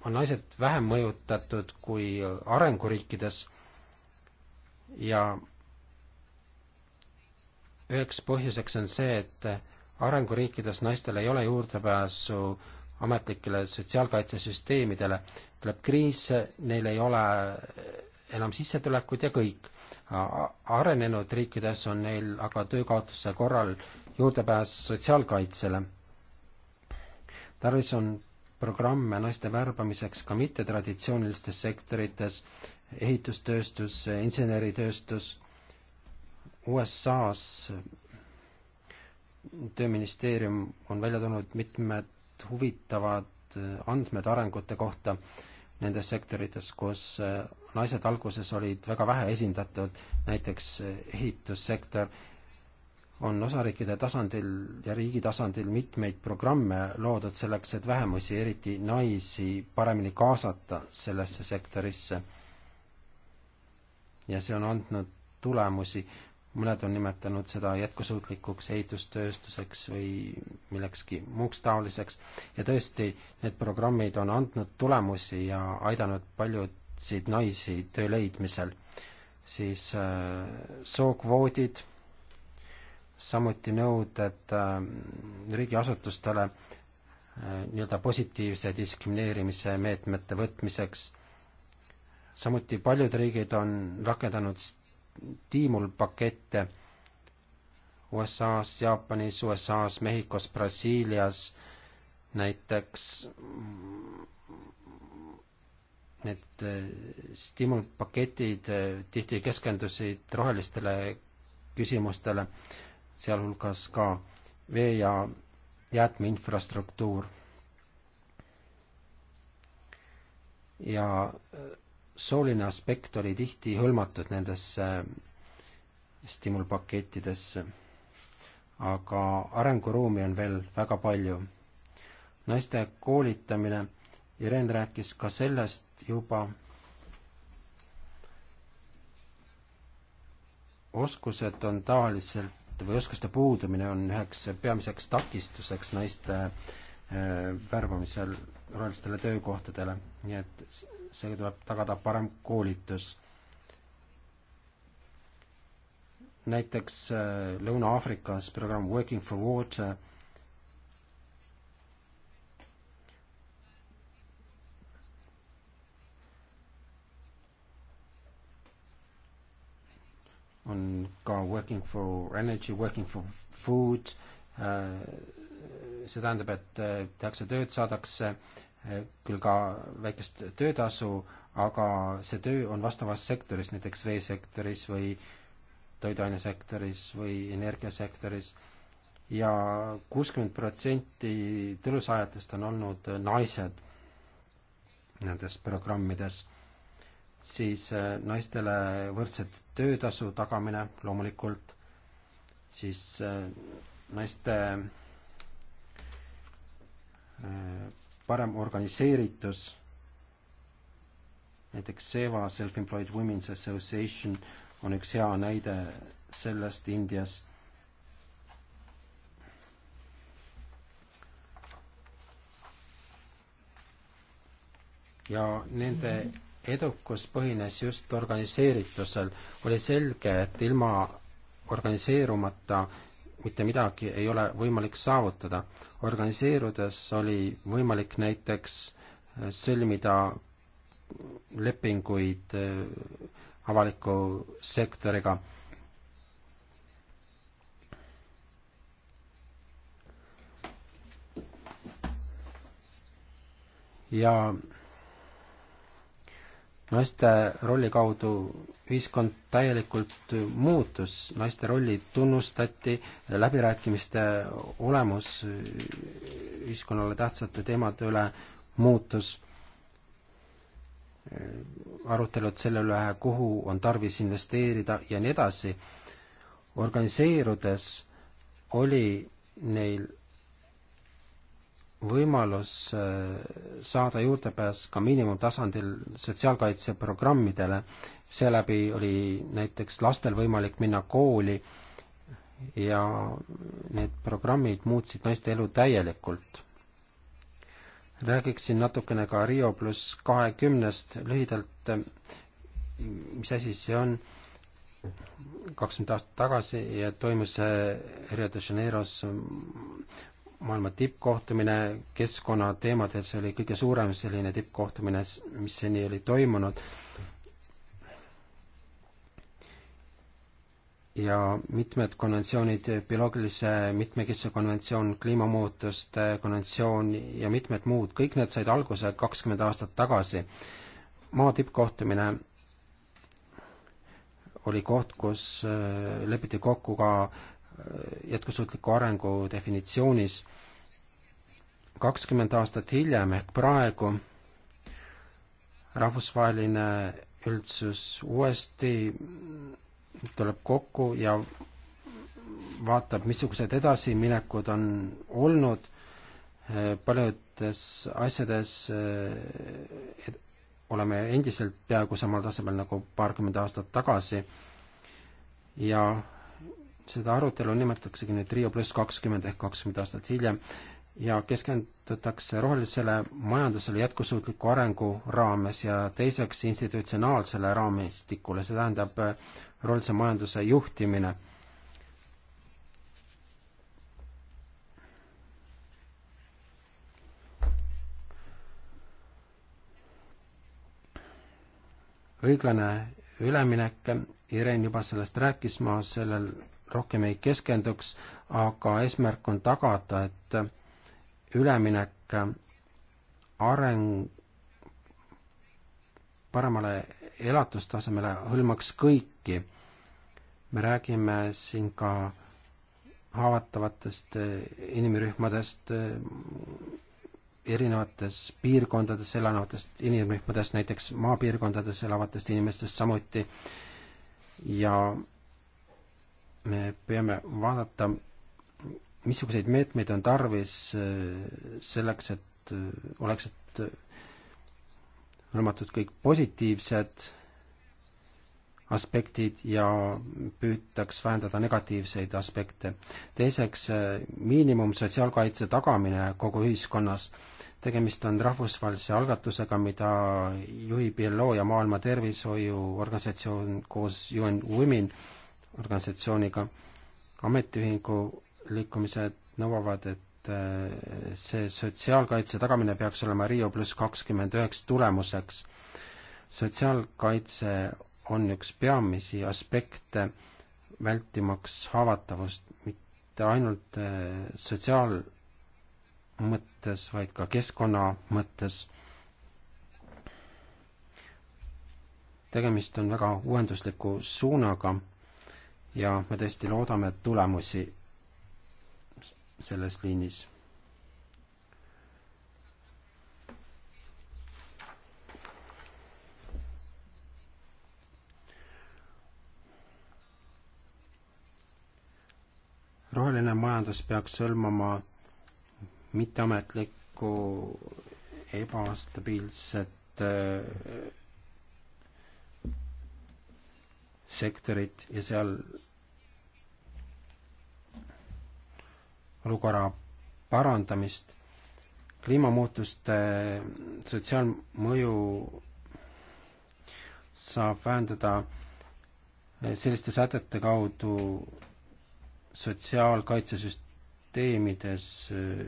on naised vähem mõjutatud kui arenguriikides ja üheks põhjuseks on see, et arenguriikides naistel ei ole juurdepääsu ametlikele sotsiaalkaitsesüsteemidele, tuleb kriis, neil ei ole enam sissetulekuid ja kõik. arenenud riikides on neil aga töökaotuse korral juurdepääs sotsiaalkaitsele. tarvis on programme naiste värbamiseks ka mittetraditsioonilistes sektorites, ehitustööstus, inseneritööstus, USA-s tööministeerium on välja toonud mitmed meid huvitavad äh, andmed arengute kohta nendes sektorites, kus äh, naised alguses olid väga vähe esindatud, näiteks äh, ehitussektor, on osariikide tasandil ja riigi tasandil mitmeid programme loodud selleks, et vähemusi, eriti naisi, paremini kaasata sellesse sektorisse. ja see on andnud tulemusi, mõned on nimetanud seda jätkusuutlikuks ehitustööstuseks või millekski muuks taoliseks ja tõesti, need programmid on andnud tulemusi ja aidanud paljusid naisi töö leidmisel. siis äh, sookvoodid, samuti nõuded äh, riigiasutustele äh, nii-öelda positiivse diskrimineerimise meetmete võtmiseks, samuti paljud riigid on rakendanud tiimulpakette USA-s, Jaapanis, USA-s, Mehhikos, Brasiilias näiteks need eh, stimulpaketid eh, tihti keskendusid rohelistele küsimustele, sealhulgas ka vee- ja jäätmeinfrastruktuur. ja eh, sooline aspekt oli tihti hõlmatud nendesse stimulpakettidesse, aga arenguruumi on veel väga palju. naiste koolitamine, Irene rääkis ka sellest juba, oskused on tavaliselt või oskuste puudumine on üheks peamiseks takistuseks naiste äh, värbamisel rohelistele töökohtadele, nii et seega tuleb tagada parem koolitus. näiteks äh, Lõuna-Aafrikas programm Working for Water on ka Working for Energy, Working for Food, äh, see tähendab, et äh, tehakse tööd, saadakse küll ka väikest töötasu, aga see töö on vastavas sektoris, näiteks veesektoris või toiduainesektoris või energiasektoris ja kuuskümmend protsenti tõlusaajatest on olnud naised nendes programmides, siis äh, naistele võrdset töötasu tagamine loomulikult, siis äh, naiste äh, parem organiseeritus, näiteks SEVA, Self-Employed Women's Association, on üks hea näide sellest Indias. ja nende edukus põhines just organiseeritusel, oli selge, et ilma organiseerumata mitte midagi ei ole võimalik saavutada. organiseerudes oli võimalik näiteks äh, sõlmida lepinguid äh, avaliku sektoriga. ja naiste rolli kaudu ühiskond täielikult muutus, naiste rolli tunnustati, läbirääkimiste olemus ühiskonnale tähtsate teemade üle muutus, arutelud selle üle, kuhu on tarvis investeerida ja nii edasi. organiseerudes oli neil võimalus äh, saada juurdepääs ka miinimumtasandil sotsiaalkaitseprogrammidele. seeläbi oli näiteks lastel võimalik minna kooli ja need programmid muutsid naiste elu täielikult. räägiksin natukene ka Rio pluss kahekümnest lühidalt, äh, mis asi see on, kakskümmend aastat tagasi ja toimus Rio de Janeiros maailma tippkohtumine keskkonnateemadel, see oli kõige suurem selline tippkohtumine, mis seni oli toimunud. ja mitmed konventsioonid, bioloogilise mitmekesise konventsioon, kliimamuutuste konventsioon ja mitmed muud, kõik need said alguse kakskümmend aastat tagasi. maa tippkohtumine oli koht, kus äh, lepiti kokku ka jätkusuutliku arengu definitsioonis kakskümmend aastat hiljem ehk praegu rahvusvaheline üldsus uuesti tuleb kokku ja vaatab, missugused edasiminekud on olnud eh, paljudes asjades eh, oleme endiselt peaaegu samal tasemel nagu paarkümmend aastat tagasi ja seda arutelu nimetataksegi nüüd Rio pluss kakskümmend ehk kakskümmend aastat hiljem ja keskendutakse rohelisele majandusele jätkusuutliku arengu raames ja teiseks institutsionaalsele raamistikule, see tähendab äh, rohelise majanduse juhtimine. õiglane üleminek, Irene juba sellest rääkis, ma sellel rohkem ei keskenduks, aga eesmärk on tagada, et üleminek areng paremale elatustasemele hõlmaks kõiki. me räägime siin ka haavatavatest inimrühmadest, erinevates piirkondades elanevatest inimrühmadest, näiteks maapiirkondades elavatest inimestest samuti ja me peame vaadata, missuguseid meetmeid on tarvis äh, selleks, et äh, oleksid äh, hõlmatud kõik positiivsed aspektid ja püütaks vähendada negatiivseid aspekte. teiseks, miinimumsotsiaalkaitse tagamine kogu ühiskonnas. tegemist on rahvusvahelise algatusega, mida juhib ILO ja Maailma Tervishoiuorganisatsioon koos UN Women organisatsiooniga. ametiühingu liikumised nõuavad, et äh, see sotsiaalkaitse tagamine peaks olema Rio pluss kakskümmend üheks tulemuseks. sotsiaalkaitse on üks peamisi aspekte, vältimaks haavatavust mitte ainult äh, sotsiaal mõttes, vaid ka keskkonna mõttes. tegemist on väga uuendusliku suunaga ja me tõesti loodame tulemusi selles liinis. roheline majandus peaks hõlmama mitteametlikku ebastabiilset äh, sektorit ja seal olukorra parandamist. kliimamuutuste sotsiaalmõju saab vähendada eh, selliste sätete kaudu sotsiaalkaitsesüsteemides, eh,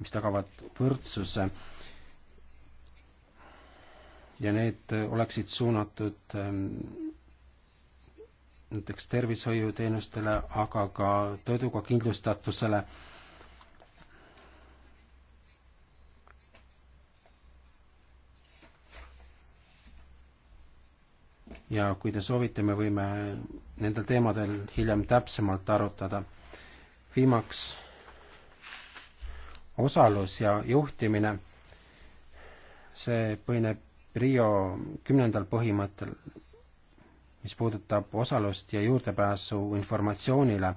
mis tagavad võrdsuse ja need oleksid suunatud eh, näiteks tervishoiuteenustele, aga ka toiduga kindlustatusele. ja kui te soovite, me võime nendel teemadel hiljem täpsemalt arutada. viimaks osalus ja juhtimine, see põhineb Rio kümnendal põhimõttel mis puudutab osalust ja juurdepääsu informatsioonile.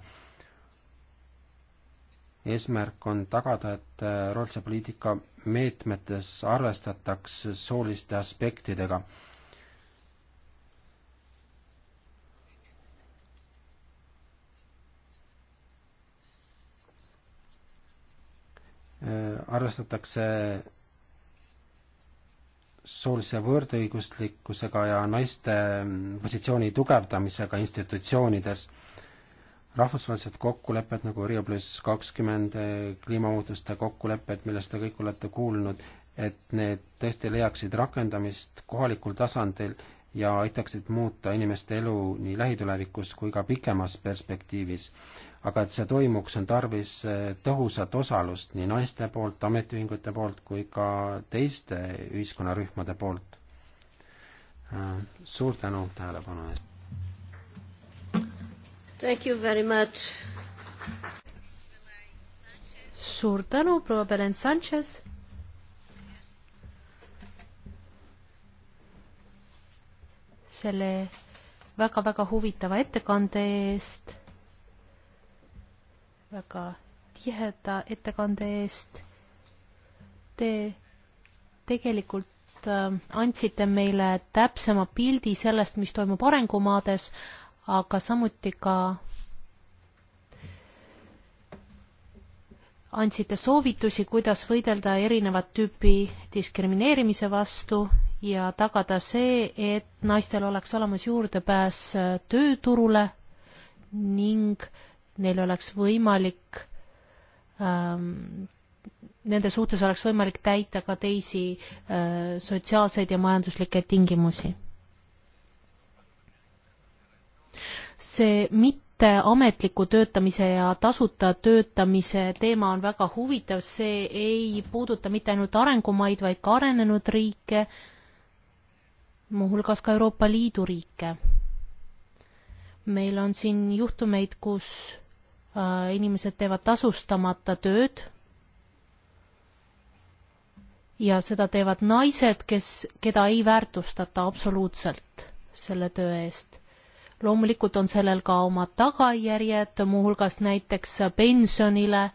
eesmärk on tagada, et äh, rootsi poliitika meetmetes arvestataks sooliste aspektidega. Äh, arvestatakse soolise võrdõiguslikkusega ja naiste positsiooni tugevdamisega institutsioonides. rahvusvahelised kokkulepped nagu Rio pluss kakskümmend, kliimamuutuste kokkulepped, millest te kõik olete kuulnud, et need tõesti leiaksid rakendamist kohalikul tasandil ja aitaksid muuta inimeste elu nii lähitulevikus kui ka pikemas perspektiivis. aga et see toimuks, on tarvis eh, tõhusat osalust nii naiste poolt, ametiühingute poolt kui ka teiste ühiskonnarühmade poolt. Eh, suur tänu tähelepanu eest! Thank you very much! suur tänu, proua Belen Sanchez! selle väga-väga huvitava ettekande eest, väga tiheda ettekande eest. Te tegelikult äh, andsite meile täpsema pildi sellest, mis toimub arengumaades, aga samuti ka andsite soovitusi, kuidas võidelda erinevat tüüpi diskrimineerimise vastu ja tagada see, et naistel oleks olemas juurdepääs äh, tööturule ning neil oleks võimalik ähm,, nende suhtes oleks võimalik täita ka teisi äh, sotsiaalseid ja majanduslikke tingimusi. see mitteametliku töötamise ja tasuta töötamise teema on väga huvitav, see ei puuduta mitte ainult arengumaid, vaid ka arenenud riike äh,, muuhulgas ka Euroopa Liidu riike. meil on siin juhtumeid, kus äh, inimesed teevad tasustamata tööd ja seda teevad naised, kes, keda ei väärtustata absoluutselt selle töö eest. loomulikult on sellel ka omad tagajärjed, muuhulgas näiteks pensionile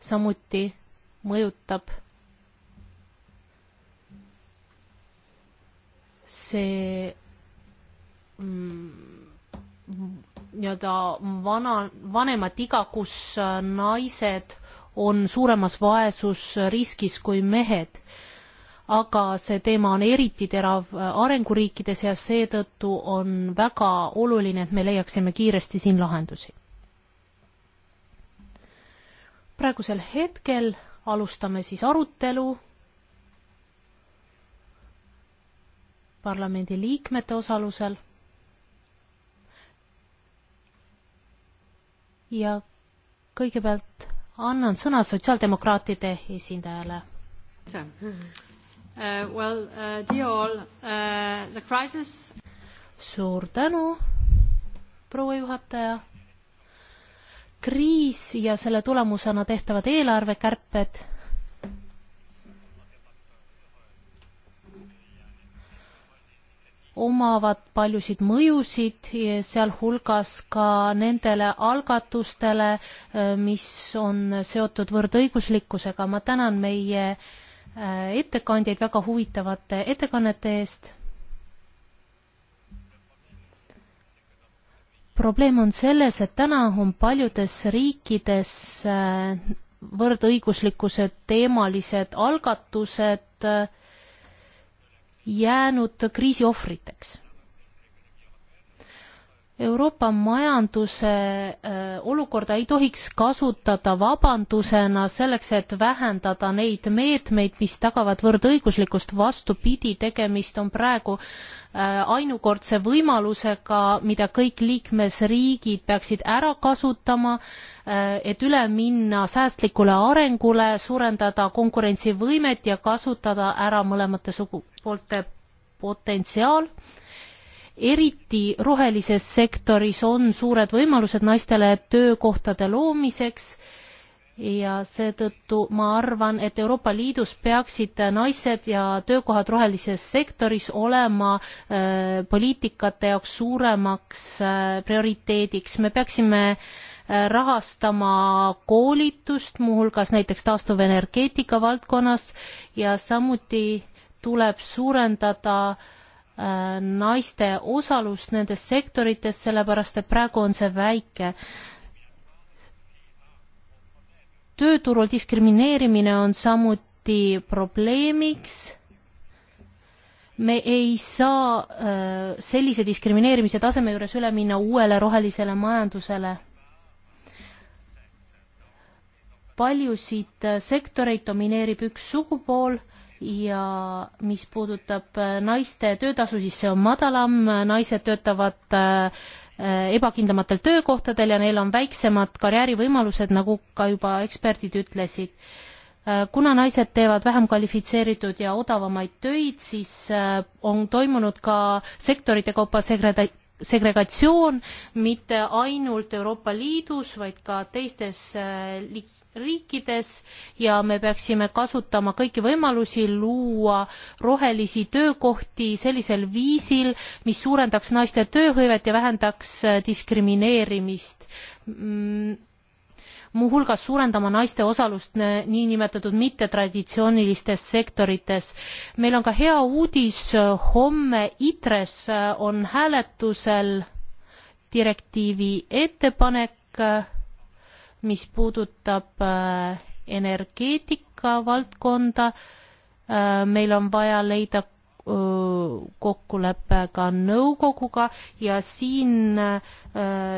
samuti mõjutab see mm, nii-öelda vana, vanemat iga, kus äh, naised on suuremas vaesusriskis kui mehed. aga see teema on eriti terav äh, arenguriikides ja seetõttu on väga oluline, et me leiaksime kiiresti siin lahendusi. praegusel hetkel alustame siis arutelu parlamendi liikmete osalusel ja kõigepealt annan sõna sotsiaaldemokraatide esindajale. Uh, well, uh, dear all, uh, the crisis. suur tänu, proua juhataja kriis ja selle tulemusena tehtavad eelarvekärped omavad paljusid mõjusid, sealhulgas ka nendele algatustele, mis on seotud võrdõiguslikkusega. ma tänan meie äh, ettekandjaid väga huvitavate ettekannete eest probleem on selles, et täna on paljudes riikides äh, võrdõiguslikkuse teemalised algatused äh, jäänud kriisi ohvriteks Euroopa majanduse äh, olukorda ei tohiks kasutada vabandusena selleks, et vähendada neid meetmeid, mis tagavad võrdõiguslikkust, vastupidi, tegemist on praegu äh, ainukordse võimalusega, mida kõik liikmesriigid peaksid ära kasutama, äh, et üle minna säästlikule arengule, suurendada konkurentsivõimet ja kasutada ära mõlemate sugupoolte potentsiaal eriti rohelises sektoris on suured võimalused naistele töökohtade loomiseks ja seetõttu ma arvan, et Euroopa Liidus peaksid naised ja töökohad rohelises sektoris olema äh, poliitikate jaoks suuremaks äh, prioriteediks, me peaksime äh, rahastama koolitust, muuhulgas näiteks taastuvenergeetika valdkonnas ja samuti tuleb suurendada äh, Äh, naiste osalust nendes sektorites, sellepärast et praegu on see väike. tööturul diskrimineerimine on samuti probleemiks. me ei saa äh, sellise diskrimineerimise taseme juures üle minna uuele rohelisele majandusele. paljusid äh, sektoreid domineerib üks sugupool ja mis puudutab äh, naiste töötasu, siis see on madalam, naised töötavad äh, äh, ebakindlamatel töökohtadel ja neil on väiksemad karjäärivõimalused, nagu ka juba eksperdid ütlesid. kuna naised teevad vähem kvalifitseeritud ja odavamaid töid, siis on toimunud ka sektorite kaupa segreda-, segregatsioon mitte ainult Euroopa Liidus, vaid ka teistes liik-, riikides ja me peaksime kasutama kõiki võimalusi luua rohelisi töökohti sellisel viisil, mis suurendaks naiste tööhõivet ja vähendaks äh, diskrimineerimist mm,. muuhulgas suurendama naiste osalust niinimetatud mittetraditsioonilistes sektorites. meil on ka hea uudis, homme ITRES äh, on hääletusel direktiivi ettepanek äh, mis puudutab äh, energeetika valdkonda, äh, meil on vaja leida kokkulepe ka nõukoguga ja siin äh,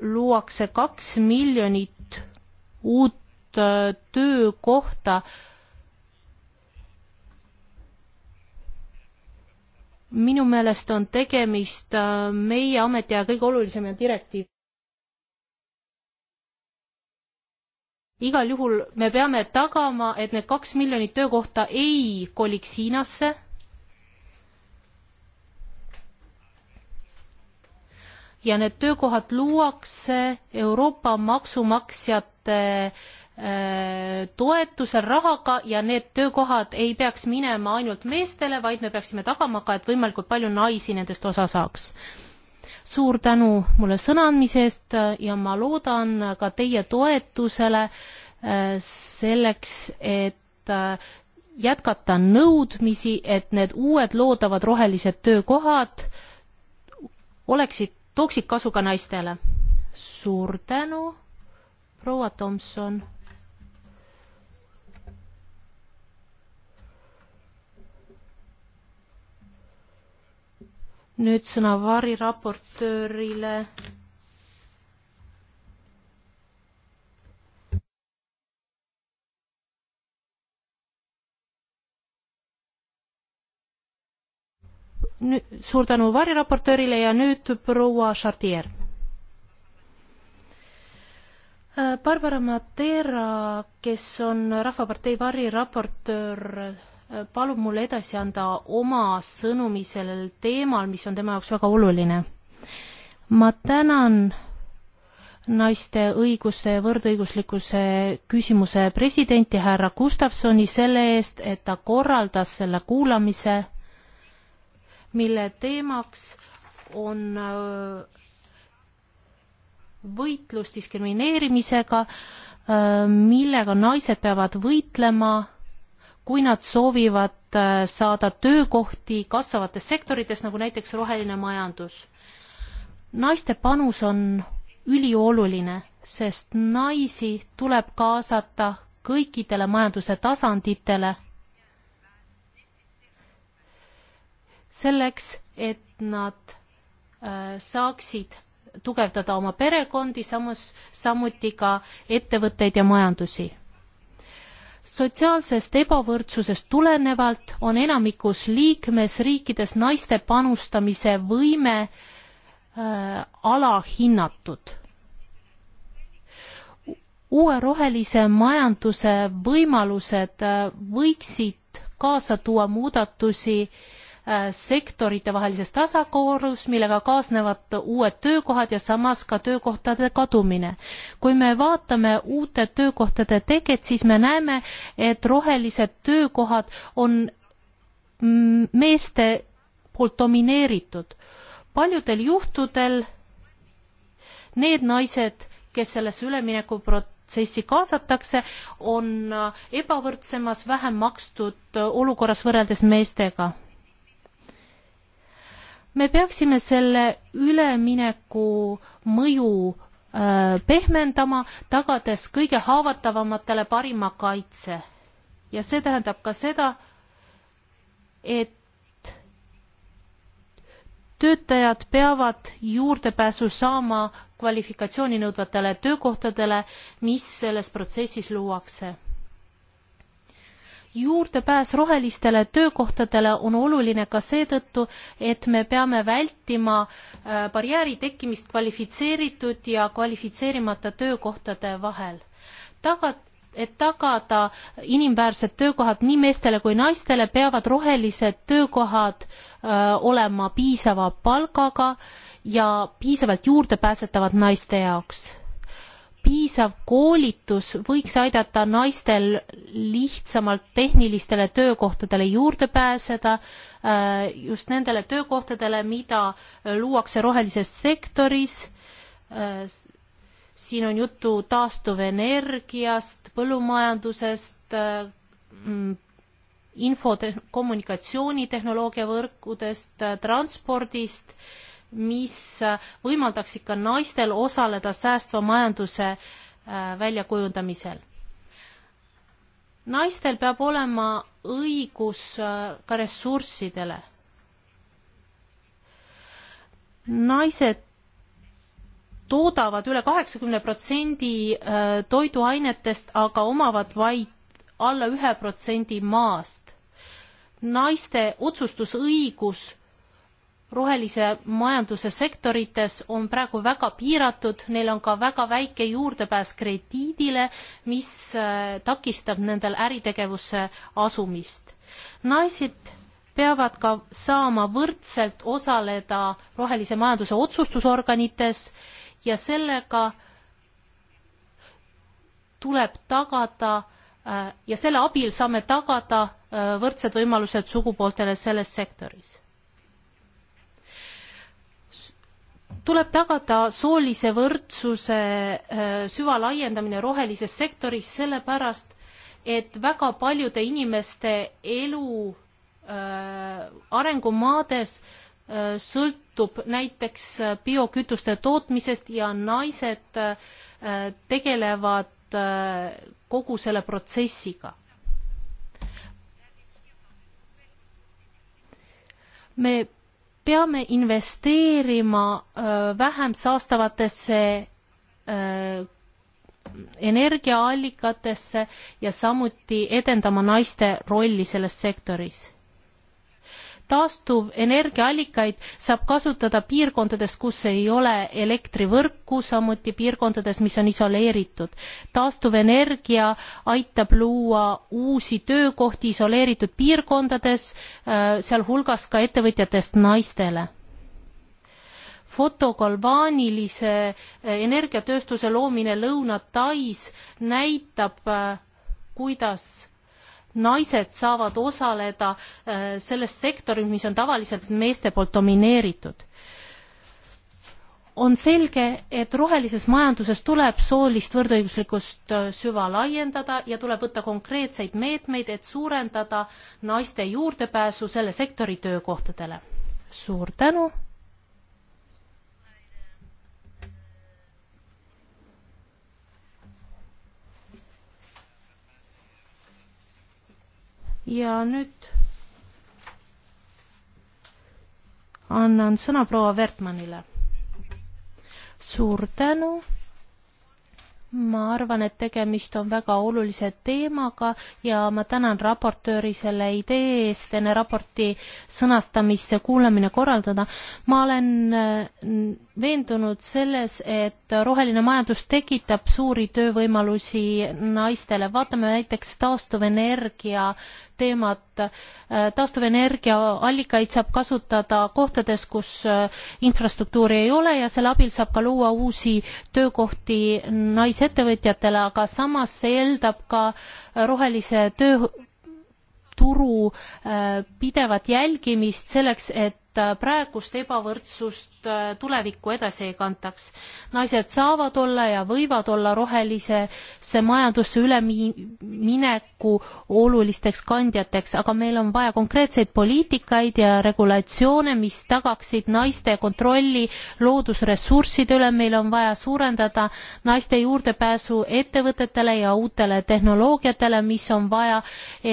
luuakse kaks miljonit uut töökohta minu meelest on tegemist meie ametiaja kõige olulisema direktiiv. igal juhul me peame tagama, et need kaks miljonit töökohta ei koliks Hiinasse. ja need töökohad luuakse Euroopa maksumaksjate äh, toetusel rahaga ja need töökohad ei peaks minema ainult meestele, vaid me peaksime tagama ka, et võimalikult palju naisi nendest osa saaks suur tänu mulle sõna andmise eest äh, ja ma loodan äh, ka teie toetusele äh, selleks, et jätkata nõudmisi, et need uued loodavad rohelised töökohad oleksid, tooksid kasu ka naistele. suur tänu, proua Tomson nüüd sõna variraportöörile. nüüd suur tänu variraportöörile ja nüüd proua Chartier. Barbara Matera, kes on Rahvapartei variraportöör palub mul edasi anda oma sõnumi sellel teemal, mis on tema jaoks väga oluline. ma tänan naiste õiguse, võrdõiguslikkuse küsimuse presidenti härra Gustavsoni selle eest, et ta korraldas selle kuulamise, mille teemaks on äh, võitlus diskrimineerimisega, äh, millega naised peavad võitlema kui nad soovivad äh, saada töökohti kasvavates sektorites, nagu näiteks roheline majandus. naiste panus on ülioluline, sest naisi tuleb kaasata kõikidele majanduse tasanditele selleks, et nad äh, saaksid tugevdada oma perekondi, samas, samuti ka ettevõtteid ja majandusi sotsiaalsest ebavõrdsusest tulenevalt on enamikus liikmesriikides naiste panustamise võime äh, alahinnatud. uue rohelise majanduse võimalused äh, võiksid kaasa tuua muudatusi äh, Äh, sektoritevahelises tasakaalus, millega kaasnevad uued töökohad ja samas ka töökohtade kadumine. kui me vaatame uute töökohtade teget, siis me näeme, et rohelised töökohad on mm, meeste poolt domineeritud. paljudel juhtudel need naised, kes sellesse üleminekuprot-, protsessi kaasatakse, on äh, ebavõrdsemas, vähem makstud äh, olukorras võrreldes meestega me peaksime selle ülemineku mõju äh, pehmendama, tagades kõige haavatavamatele parima kaitse. ja see tähendab ka seda, et töötajad peavad juurdepääsu saama kvalifikatsiooni nõudvatele töökohtadele, mis selles protsessis luuakse juurdepääs rohelistele töökohtadele on oluline ka seetõttu, et me peame vältima äh, barjääri tekkimist kvalifitseeritud ja kvalifitseerimata töökohtade vahel. tagat-, et tagada inimväärsed töökohad nii meestele kui naistele, peavad rohelised töökohad öö, äh, olema piisava palgaga ja piisavalt juurdepääsetavad naiste jaoks piisav koolitus võiks aidata naistel lihtsamalt tehnilistele töökohtadele juurde pääseda, äh, just nendele töökohtadele, mida luuakse rohelises sektoris, äh, siin on juttu taastuvenergiast, põllumajandusest, äh, mm, info-, kommunikatsioonitehnoloogia võrkudest, transpordist mis võimaldaksid ka naistel osaleda säästva majanduse äh, väljakujundamisel. naistel peab olema õigus äh, ka ressurssidele. naised toodavad üle kaheksakümne protsendi äh, toiduainetest, aga omavad vaid alla ühe protsendi maast. naiste otsustusõigus rohelise majanduse sektorites on praegu väga piiratud, neil on ka väga väike juurdepääs krediidile, mis äh, takistab nendel äritegevusse asumist. naised peavad ka saama võrdselt osaleda rohelise majanduse otsustusorganites ja sellega tuleb tagada äh, ja selle abil saame tagada äh, võrdsed võimalused sugupooltele selles sektoris tuleb tagada soolise võrdsuse äh, süvalaiendamine rohelises sektoris, sellepärast et väga paljude inimeste elu äh, arengumaades äh, sõltub näiteks äh, biokütuste tootmisest ja naised äh, tegelevad äh, kogu selle protsessiga. me peame investeerima vähem saastavatesse energiaallikatesse ja samuti edendama naiste rolli selles sektoris taastuvenergiaallikaid saab kasutada piirkondades, kus ei ole elektrivõrku, samuti piirkondades, mis on isoleeritud. taastuvenergia aitab luua uusi töökohti isoleeritud piirkondades, äh, sealhulgas ka ettevõtjatest naistele fotogalvaanilise äh, energiatööstuse loomine Lõuna-Tais näitab, äh, kuidas naised saavad osaleda äh, selles sektoris, mis on tavaliselt meeste poolt domineeritud. on selge, et rohelises majanduses tuleb soolist võrdõiguslikkust äh, süva laiendada ja tuleb võtta konkreetseid meetmeid, et suurendada naiste juurdepääsu selle sektori töökohtadele. suur tänu ja nüüd annan sõna proua Wertmannile. suur tänu. ma arvan, et tegemist on väga olulise teemaga ja ma tänan raportööri selle idee eest enne raporti sõnastamisse kuulamine korraldada. ma olen äh, veendunud selles, et roheline majandus tekitab suuri töövõimalusi naistele, vaatame näiteks taastuvenergia teemat, äh, taastuvenergia allikaid saab kasutada kohtades, kus äh, infrastruktuuri ei ole ja selle abil saab ka luua uusi töökohti naisettevõtjatele, aga samas see eeldab ka rohelise töö turu äh, pidevat jälgimist selleks, et Äh, praegust ebavõrdsust äh, tulevikku edasi ei kantaks. naised saavad olla ja võivad olla rohelisesse majandusse ülemineku olulisteks kandjateks, aga meil on vaja konkreetseid poliitikaid ja regulatsioone, mis tagaksid naiste kontrolli loodusressursside üle, meil on vaja suurendada naiste juurdepääsu ettevõtetele ja uutele tehnoloogiatele, mis on vaja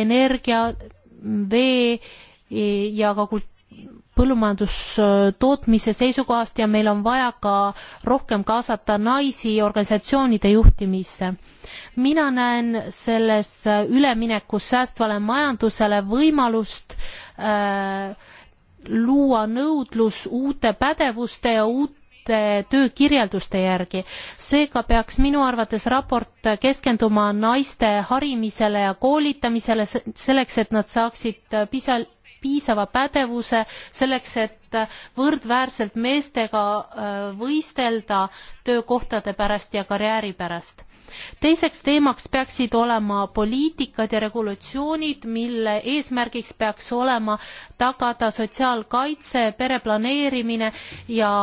energia, vee ja ka kult-, põllumajandustootmise seisukohast ja meil on vaja ka rohkem kaasata naisi organisatsioonide juhtimisse. mina näen selles üleminekus säästvale majandusele võimalust äh, luua nõudlus uute pädevuste ja uute uute töökirjelduste järgi. seega peaks minu arvates raport keskenduma naiste harimisele ja koolitamisele selleks, et nad saaksid pisa-, piisava pädevuse selleks, et võrdväärselt meestega äh, võistelda töökohtade pärast ja karjääri pärast teiseks teemaks peaksid olema poliitikad ja regulatsioonid, mille eesmärgiks peaks olema tagada sotsiaalkaitse, pereplaneerimine ja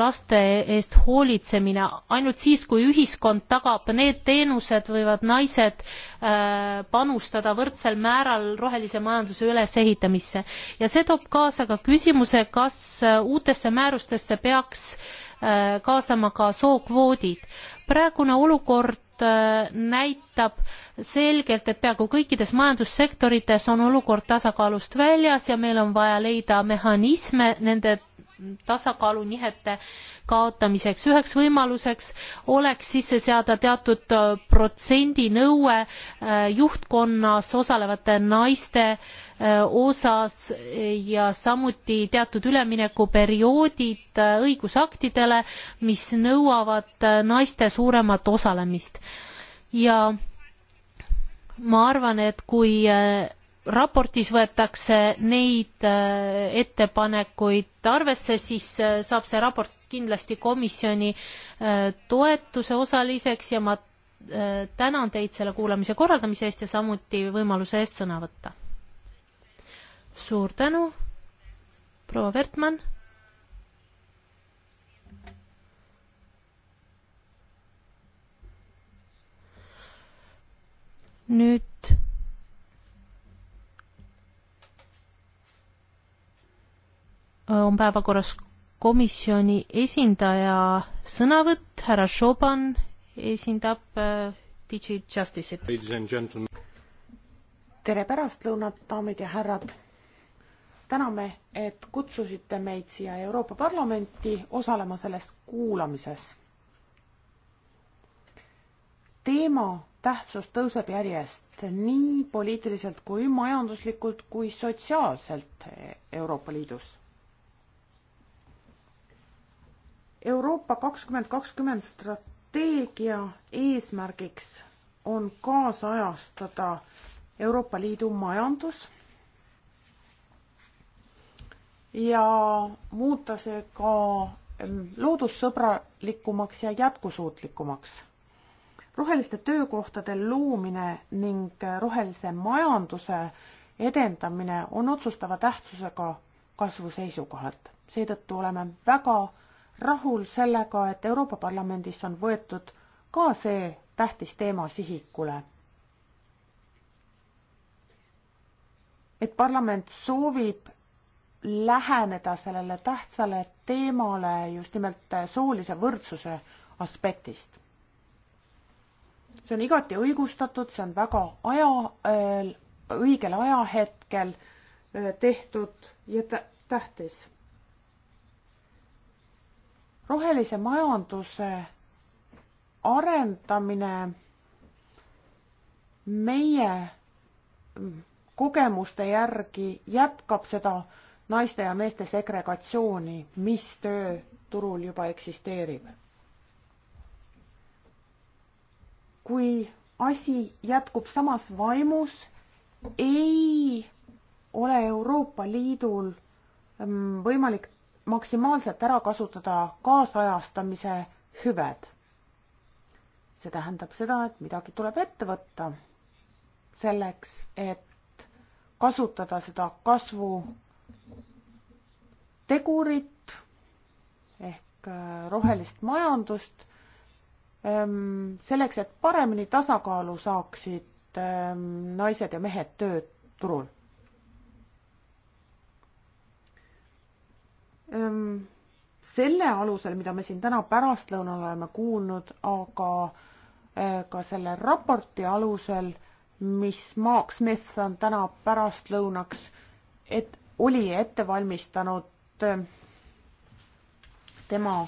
laste eest hoolitsemine. ainult siis, kui ühiskond tagab need teenused, võivad naised äh, panustada võrdsel määral rohelise majanduse ülesehitamisse ja see toob kaasa ka küsimuse, kas äh, uutesse määrustesse peaks äh, kaasama ka sookvoodid. praegune olukord Äh, näitab selgelt, et peaaegu kõikides majandussektorites on olukord tasakaalust väljas ja meil on vaja leida mehhanisme nende tasakaalunihete kaotamiseks. üheks võimaluseks oleks sisse seada teatud äh, protsendi nõue äh, juhtkonnas osalevate naiste äh, osas äh, ja samuti teatud üleminekuperioodid äh, õigusaktidele, mis nõuavad äh, naiste suuremat osalemist. ja ma arvan, et kui raportis võetakse neid ettepanekuid arvesse, siis saab see raport kindlasti komisjoni toetuse osaliseks ja ma tänan teid selle kuulamise korraldamise eest ja samuti võimaluse eest sõna võtta suur tänu, proua Vertmann. nüüd on päevakorras komisjoni esindaja sõnavõtt, härra Šoban esindab äh, DigiJustice'it. tere pärastlõunat, daamid ja härrad täname, et kutsusite meid siia Euroopa Parlamenti osalema selles kuulamises. teema tähtsus tõuseb järjest nii poliitiliselt kui majanduslikult kui sotsiaalselt Euroopa Liidus. Euroopa kakskümmend kakskümmend strateegia eesmärgiks on kaasajastada Euroopa Liidu majandus ja muuta see ka loodussõbralikumaks ja jätkusuutlikumaks. roheliste töökohtade loomine ning rohelise majanduse edendamine on otsustava tähtsusega kasvu seisukohalt. seetõttu oleme väga rahul sellega, et Euroopa Parlamendis on võetud ka see tähtis teema sihikule. et parlament soovib läheneda sellele tähtsale teemale just nimelt soolise võrdsuse aspektist. see on igati õigustatud, see on väga aja, äh, õigel ajahetkel äh, tehtud ja tähtis. rohelise majanduse arendamine meie kogemuste järgi jätkab seda naiste ja meeste segregatsiooni, mis tööturul juba eksisteerib. kui asi jätkub samas vaimus, ei ole Euroopa Liidul mm, võimalik maksimaalselt ära kasutada kaasajastamise hüved. see tähendab seda, et midagi tuleb ette võtta selleks, et kasutada seda kasvu tegurit ehk äh, rohelist majandust ähm, selleks, et paremini tasakaalu saaksid ähm, naised ja mehed tööturul. Ähm, selle alusel, mida me siin täna pärastlõunal oleme kuulnud, aga äh, ka selle raporti alusel, mis Mark Smith on täna pärastlõunaks, et oli ette valmistanud tema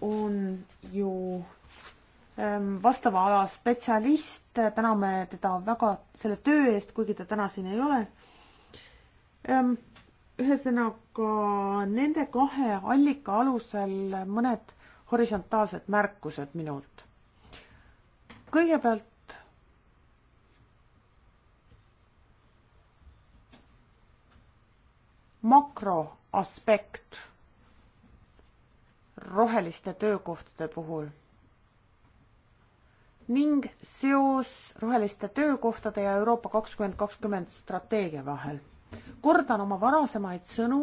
on ju ähm, vastava ala spetsialist, täname teda väga selle töö eest, kuigi ta täna siin ei ole. Ähm, ühesõnaga nende kahe allika alusel mõned horisontaalsed märkused minult. kõigepealt makro aspekt roheliste töökohtade puhul ning seos roheliste töökohtade ja Euroopa kakskümmend kakskümmend strateegia vahel. kordan oma varasemaid sõnu,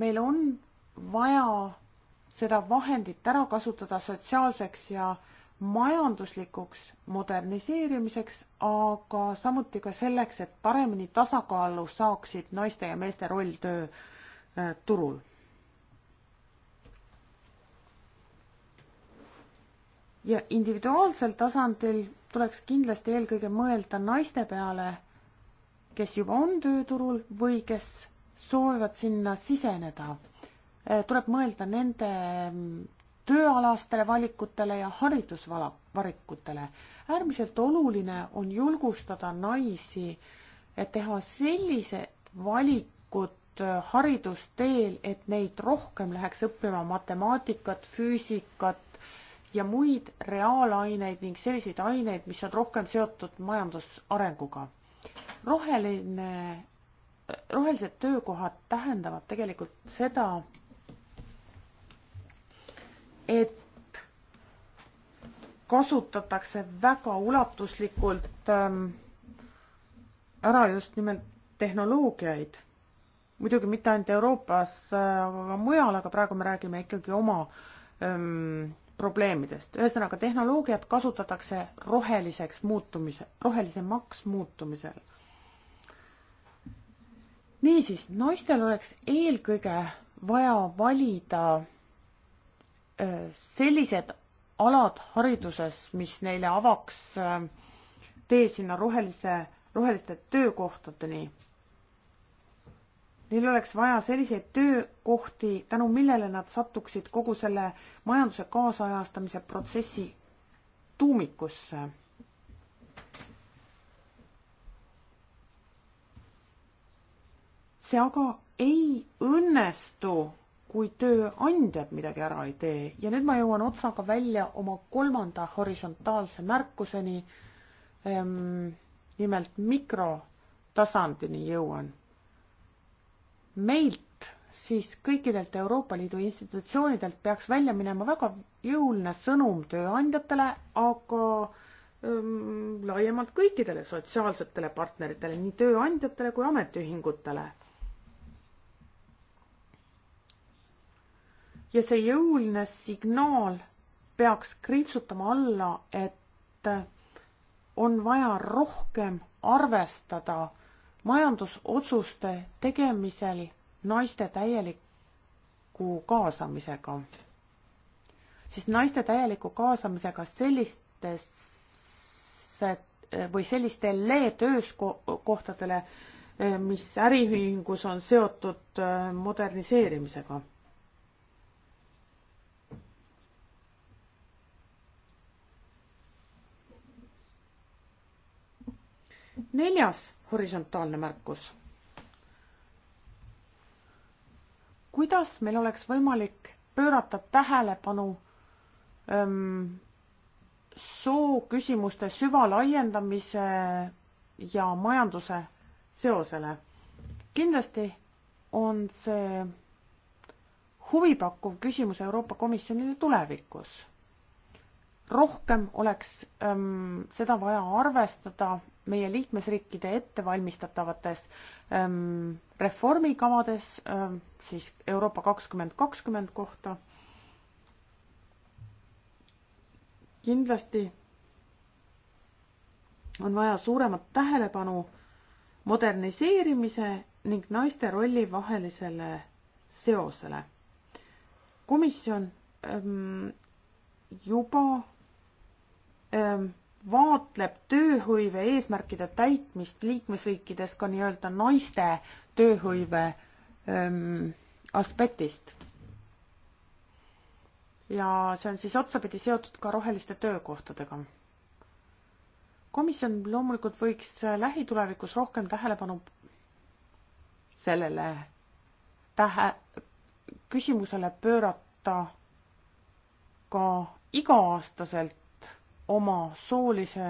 meil on vaja seda vahendit ära kasutada sotsiaalseks ja majanduslikuks moderniseerimiseks, aga samuti ka selleks, et paremini tasakaalu saaksid naiste ja meeste roll tööturul Äh, turul. ja individuaalsel tasandil tuleks kindlasti eelkõige mõelda naiste peale, kes juba on tööturul või kes soovivad sinna siseneda. Äh, tuleb mõelda nende mm, tööalastele valikutele ja haridusvala-, valikutele. äärmiselt oluline on julgustada naisi teha sellised valikud, Äh, haridusteel, et neid rohkem läheks õppima matemaatikat, füüsikat ja muid reaalaineid ning selliseid aineid, mis on rohkem seotud majandusarenguga. roheline, rohelised töökohad tähendavad tegelikult seda, et kasutatakse väga ulatuslikult ähm, ära just nimelt tehnoloogiaid muidugi mitte ainult Euroopas, aga ka mujal, aga praegu me räägime ikkagi oma öö, probleemidest. ühesõnaga, tehnoloogiat kasutatakse roheliseks muutumise, rohelisemaks muutumisel. niisiis, naistel oleks eelkõige vaja valida öö, sellised alad hariduses, mis neile avaks öö, tee sinna rohelise, roheliste töökohtadeni Neil oleks vaja selliseid töökohti, tänu millele nad satuksid kogu selle majanduse kaasajastamise protsessi tuumikusse. see aga ei õnnestu, kui tööandjad midagi ära ei tee ja nüüd ma jõuan otsaga välja oma kolmanda horisontaalse märkuseni ähm,. nimelt mikrotasandini jõuan meilt, siis kõikidelt Euroopa Liidu institutsioonidelt peaks välja minema väga jõuline sõnum tööandjatele, aga ähm, laiemalt kõikidele sotsiaalsetele partneritele, nii tööandjatele kui ametiühingutele. ja see jõuline signaal peaks kriipsutama alla, et on vaja rohkem arvestada majandusotsuste tegemisel naiste täieliku kaasamisega, siis naiste täieliku kaasamisega sellistesse või sellistele tööskohtadele, mis äriühingus on seotud eh, moderniseerimisega. neljas horisontaalne märkus. kuidas meil oleks võimalik pöörata tähelepanu öm, ähm, soo küsimuste süvalaiendamise ja majanduse seosele? kindlasti on see huvipakkuv küsimus Euroopa Komisjonile tulevikus. rohkem oleks ähm, seda vaja arvestada meie liikmesriikide ettevalmistatavates ähm, reformikavades ähm, siis Euroopa kakskümmend kakskümmend kohta. kindlasti on vaja suuremat tähelepanu moderniseerimise ning naiste rolli vahelisele seosele. komisjon ähm, juba ähm, vaatleb tööhõive eesmärkide täitmist liikmesriikides ka nii-öelda naiste tööhõive ähm, aspektist. ja see on siis otsapidi seotud ka roheliste töökohtadega. komisjon loomulikult võiks lähitulevikus rohkem tähelepanu sellele tähe-, küsimusele pöörata ka iga-aastaselt oma soolise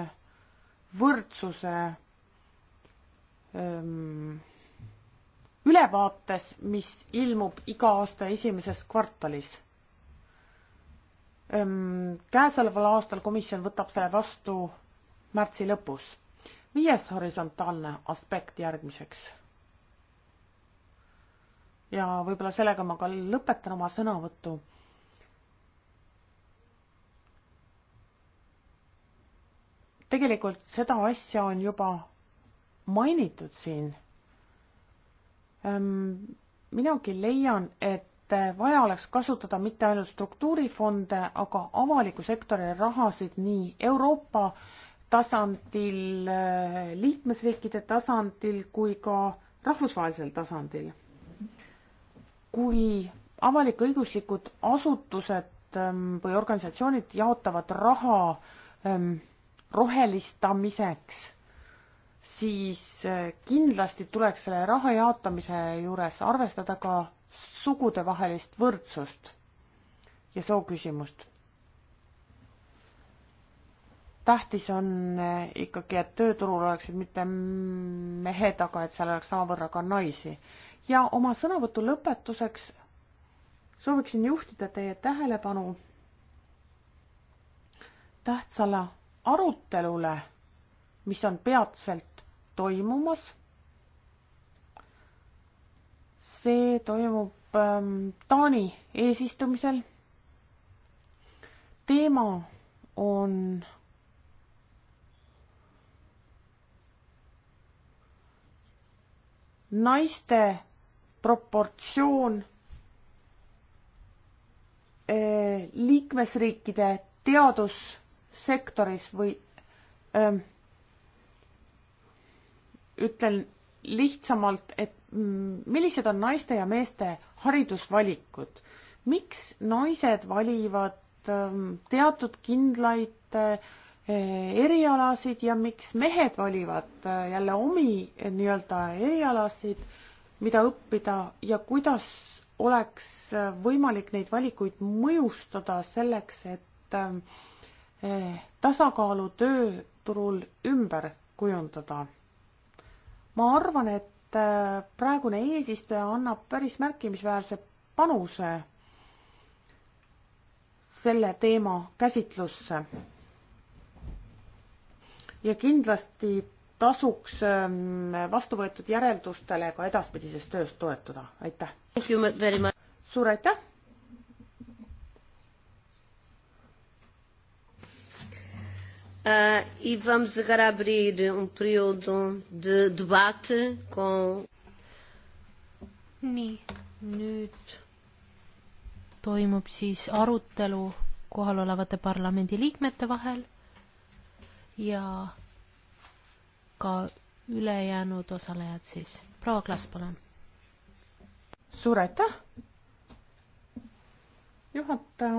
võrdsuse öö, ehm, ülevaates, mis ilmub iga aasta esimeses kvartalis. Ehm, käesoleval aastal komisjon võtab selle vastu märtsi lõpus. viies horisontaalne aspekt järgmiseks. ja võib-olla sellega ma ka lõpetan oma sõnavõtu tegelikult seda asja on juba mainitud siin. minagi leian, et vaja oleks kasutada mitte ainult struktuurifonde, aga avaliku sektori rahasid nii Euroopa tasandil, äh, liikmesriikide tasandil kui ka rahvusvahelisel tasandil. kui avalik-õiguslikud asutused või organisatsioonid jaotavad raha rohelistamiseks, siis eh, kindlasti tuleks selle raha jaotamise juures arvestada ka sugudevahelist võrdsust ja sooküsimust. tähtis on eh, ikkagi, et tööturul oleksid mitte mehed, aga et seal oleks samavõrra ka naisi. ja oma sõnavõtu lõpetuseks sooviksin juhtida teie tähelepanu tähtsale arutelule, mis on peatselt toimumas. see toimub ähm, Taani eesistumisel. teema on naiste proportsioon äh, liikmesriikide teadus sektoris või öö, ähm, ütlen lihtsamalt, et mm, millised on naiste ja meeste haridusvalikud, miks naised valivad ähm, teatud kindlaid äh, erialasid ja miks mehed valivad äh, jälle omi äh, nii-öelda erialasid, mida õppida ja kuidas oleks võimalik neid valikuid mõjustada selleks, et ähm, tasakaalu tööturul ümber kujundada. ma arvan, et äh, praegune eesistuja annab päris märkimisväärse panuse selle teema käsitlusse. ja kindlasti tasuks ähm, vastu võetud järeldustele ka edaspidises töös toetuda, aitäh! suur aitäh! Uh, e vamos agora abrir um período de debate com. nii, nüüd toimub siis arutelu kohalolevate parlamendiliikmete vahel ja ka ülejäänud osalejad siis. proua Klas, palun. suur aitäh, juhataja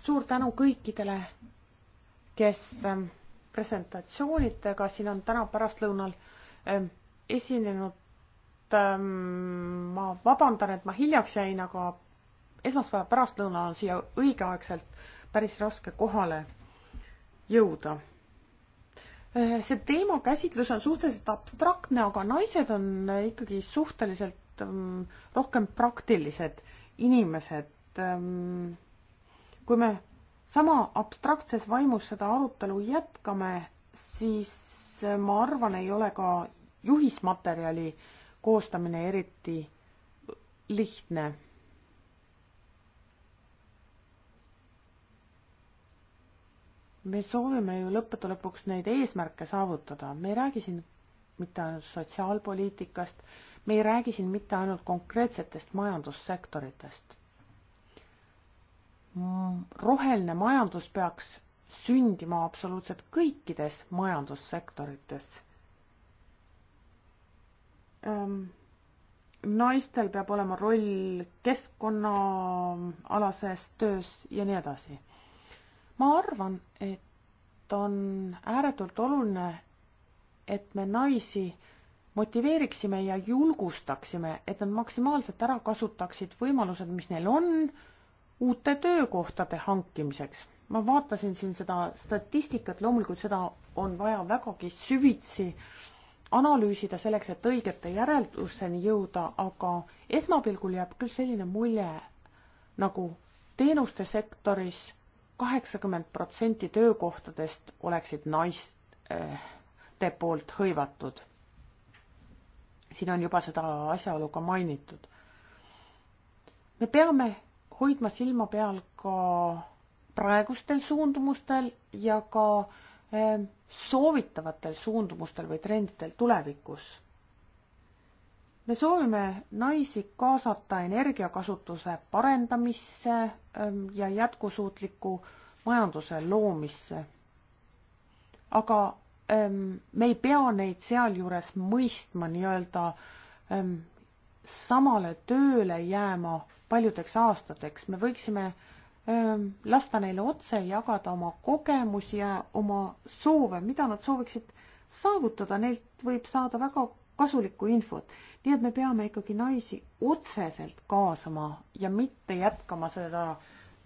suur tänu kõikidele, kes ähm, presentatsioonidega siin on täna pärastlõunal ähm, esinenud. Ähm, ma vabandan, et ma hiljaks jäin, aga esmaspäeva pärastlõunal on siia õigeaegselt päris raske kohale jõuda. Äh, see teema käsitlus on suhteliselt abstraktne, aga naised on ikkagi suhteliselt rohkem praktilised inimesed kui me sama abstraktses vaimus seda arutelu jätkame, siis ma arvan, ei ole ka juhismaterjali koostamine eriti lihtne. me soovime ju lõppude lõpuks neid eesmärke saavutada, me ei räägi siin mitte ainult sotsiaalpoliitikast, me ei räägi siin mitte ainult konkreetsetest majandussektoritest Mm, roheline majandus peaks sündima absoluutselt kõikides majandussektorites. Ehm, naistel peab olema roll keskkonnaalases töös ja nii edasi. ma arvan, et on ääretult oluline, et me naisi motiveeriksime ja julgustaksime, et nad maksimaalselt ära kasutaksid võimalused, mis neil on uute töökohtade hankimiseks. ma vaatasin siin seda statistikat, loomulikult seda on vaja vägagi süvitsi analüüsida selleks, et õigete järeldusteni jõuda, aga esmapilgul jääb küll selline mulje, nagu teenuste sektoris kaheksakümmend protsenti töökohtadest oleksid naiste eh, poolt hõivatud. siin on juba seda asjaolu ka mainitud. me peame hoidma silma peal ka praegustel suundumustel ja ka eh, soovitavatel suundumustel või trendidel tulevikus. me soovime naisi kaasata energiakasutuse parendamisse ehm, ja jätkusuutliku majanduse loomisse. aga ehm, me ei pea neid sealjuures mõistma nii-öelda ehm, samale tööle jääma paljudeks aastateks, me võiksime öö, ähm, lasta neile otse jagada oma kogemusi ja oma soove, mida nad sooviksid saavutada, neilt võib saada väga kasulikku infot. nii et me peame ikkagi naisi otseselt kaasama ja mitte jätkama seda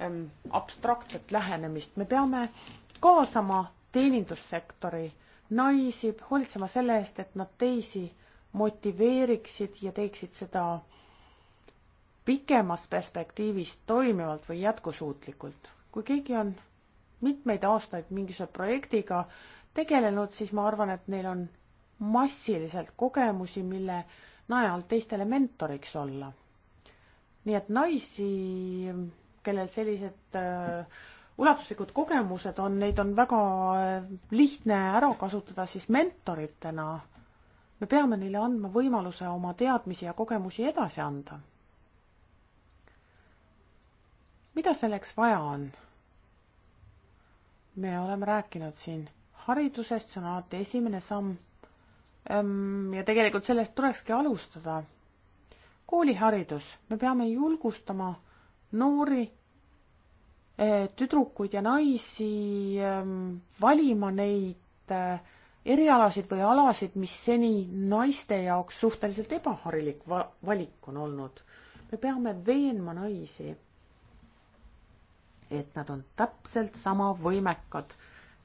ähm, abstraktset lähenemist, me peame kaasama teenindussektori naisi, hoolitsema selle eest, et nad teisi äh, motiveeriksid ja teeksid seda pikemas perspektiivis toimivalt või jätkusuutlikult. kui keegi on mitmeid aastaid mingisuguse projektiga tegelenud, siis ma arvan, et neil on massiliselt kogemusi, mille najal teistele mentoriks olla. nii et naisi, kellel sellised äh, ulatuslikud kogemused on, neid on väga äh, lihtne ära kasutada siis mentoritena me peame neile andma võimaluse oma teadmisi ja kogemusi edasi anda. mida selleks vaja on? me oleme rääkinud siin haridusest, see on alati esimene samm. Ehm, ja tegelikult sellest tulekski alustada. kooliharidus, me peame julgustama noori eh, tüdrukuid ja naisi ehm, valima neid eh, erialasid või alasid, mis seni naiste jaoks suhteliselt ebaharilik va valik on olnud. me peame veenma naisi, et nad on täpselt sama võimekad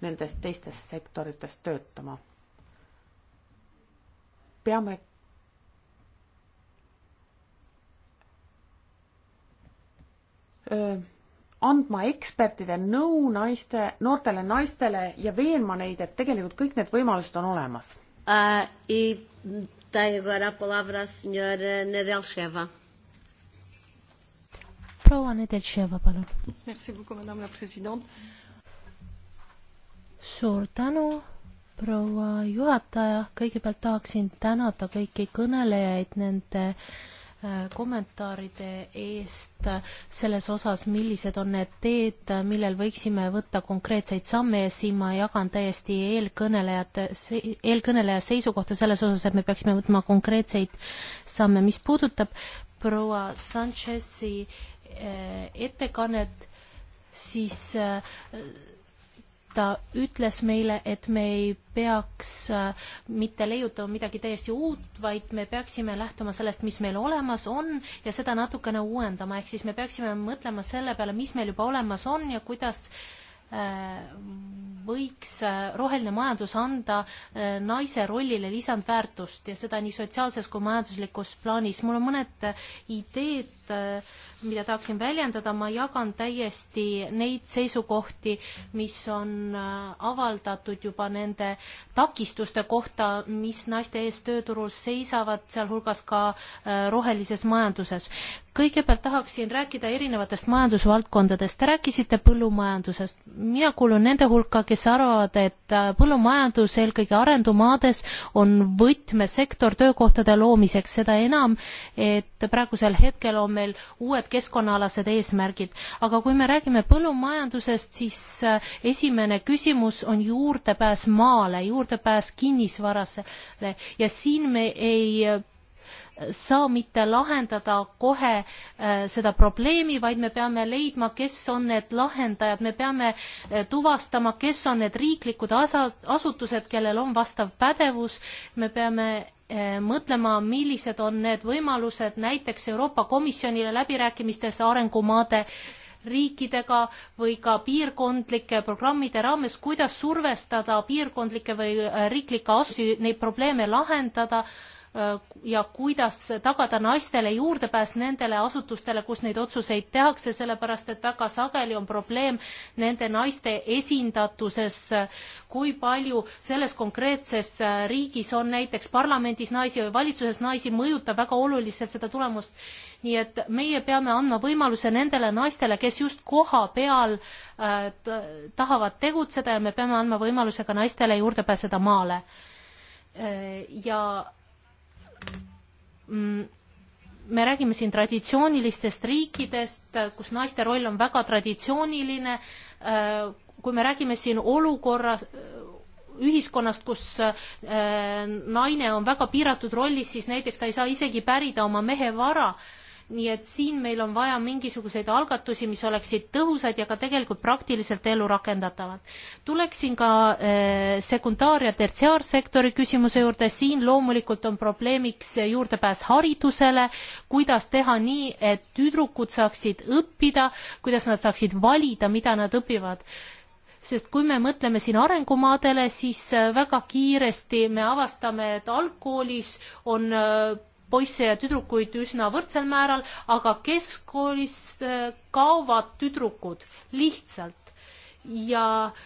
nendes teistes sektorites töötama. peame öö, andma ekspertide nõu naiste, noortele naistele ja veenma neid, et tegelikult kõik need võimalused on olemas uh,. Ah, Dai e agora a palavra à senhora Nedelcheva. Proua Nedelcheva, palun. Merci beaucoup, madame la présidente. Suur tänu, proua juhataja. Kõigepealt tahaksin tänada kõiki kõnelejaid nende äh, Äh, kommentaaride eest selles osas, millised on need teed, millel võiksime võtta konkreetseid samme ja siin ma jagan täiesti eelkõnelejate, eelkõneleja seisukohta selles osas, et me peaksime võtma konkreetseid samme. mis puudutab proua Sanchez'i äh, ettekannet, siis äh, ta ütles meile, et me ei peaks äh, mitte leiutama midagi täiesti uut, vaid me peaksime lähtuma sellest, mis meil olemas on ja seda natukene uuendama, ehk siis me peaksime mõtlema selle peale, mis meil juba olemas on ja kuidas äh, võiks äh, roheline majandus anda naise rollile lisandväärtust ja seda nii sotsiaalses kui majanduslikus plaanis. mul on mõned ideed Äh, mida tahaksin väljendada, ma jagan täiesti neid seisukohti, mis on äh, avaldatud juba nende takistuste kohta, mis naiste ees tööturul seisavad, sealhulgas ka äh, rohelises majanduses. kõigepealt tahaksin rääkida erinevatest majandusvaldkondadest. Te rääkisite põllumajandusest. mina kuulun nende hulka, kes arvavad, et põllumajandus eelkõige arengumaades on võtmesektor töökohtade loomiseks, seda enam, et praegusel hetkel on meil meil uued keskkonnaalased eesmärgid, aga kui me räägime põllumajandusest, siis äh, esimene küsimus on juurdepääs maale, juurdepääs kinnisvarasele ja siin me ei äh, saa mitte lahendada kohe äh, seda probleemi, vaid me peame leidma, kes on need lahendajad, me peame äh, tuvastama, kes on need riiklikud asa-, asutused, kellel on vastav pädevus, me peame Eh, mõtlema, millised on need võimalused näiteks Euroopa Komisjonile läbirääkimistes arengumaade riikidega või ka piirkondlike programmide raames, kuidas survestada piirkondlikke või eh, riiklikke asutusi neid probleeme lahendada Äh, ja kuidas tagada naistele juurdepääs nendele asutustele, kus neid otsuseid tehakse, sellepärast et väga sageli on probleem nende naiste esindatuses, kui palju selles konkreetses äh, riigis on näiteks parlamendis naisi või valitsuses naisi, mõjutab väga oluliselt seda tulemust. nii et meie peame andma võimaluse nendele naistele, kes just koha peal äh, tahavad tegutseda ja me peame andma võimaluse ka naistele juurde pääseda maale äh, ja Mm, me räägime siin traditsioonilistest riikidest, kus naiste roll on väga traditsiooniline, äh, kui me räägime siin olukorra, äh, ühiskonnast, kus äh, naine on väga piiratud rollis, siis näiteks ta ei saa isegi pärida oma mehe vara nii et siin meil on vaja mingisuguseid algatusi, mis oleksid tõhusad ja ka tegelikult praktiliselt ellu rakendatavad. tuleksin ka äh, sekundaar- ja tertsiaarsektori küsimuse juurde, siin loomulikult on probleemiks juurdepääs haridusele, kuidas teha nii, et tüdrukud saaksid õppida, kuidas nad saaksid valida, mida nad õpivad sest kui me mõtleme siin arengumaadele, siis väga kiiresti me avastame, et algkoolis on eh, poisse ja tüdrukuid üsna võrdsel määral, aga keskkoolist äh, kaovad tüdrukud lihtsalt. ja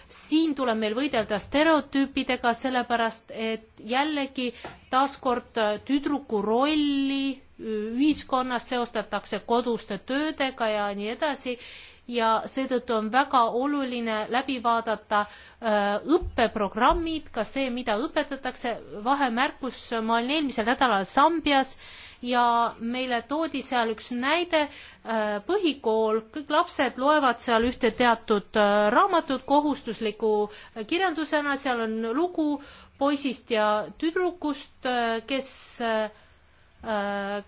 siin tuleb meil võidelda stereotüüpidega, sellepärast et jällegi taaskord äh, tüdruku rolli äh, ühiskonnas seostatakse koduste töödega ja nii edasi ja seetõttu on väga oluline läbi vaadata äh, õppeprogrammid, ka see, mida õpetatakse, vahemärkus, äh, ma olin eelmisel nädalal Sambias ja meile toodi seal üks näide, äh, põhikool, kõik lapsed loevad seal ühte teatud raamatut kohustusliku kirjandusena, seal on lugu poisist ja tüdrukust, kes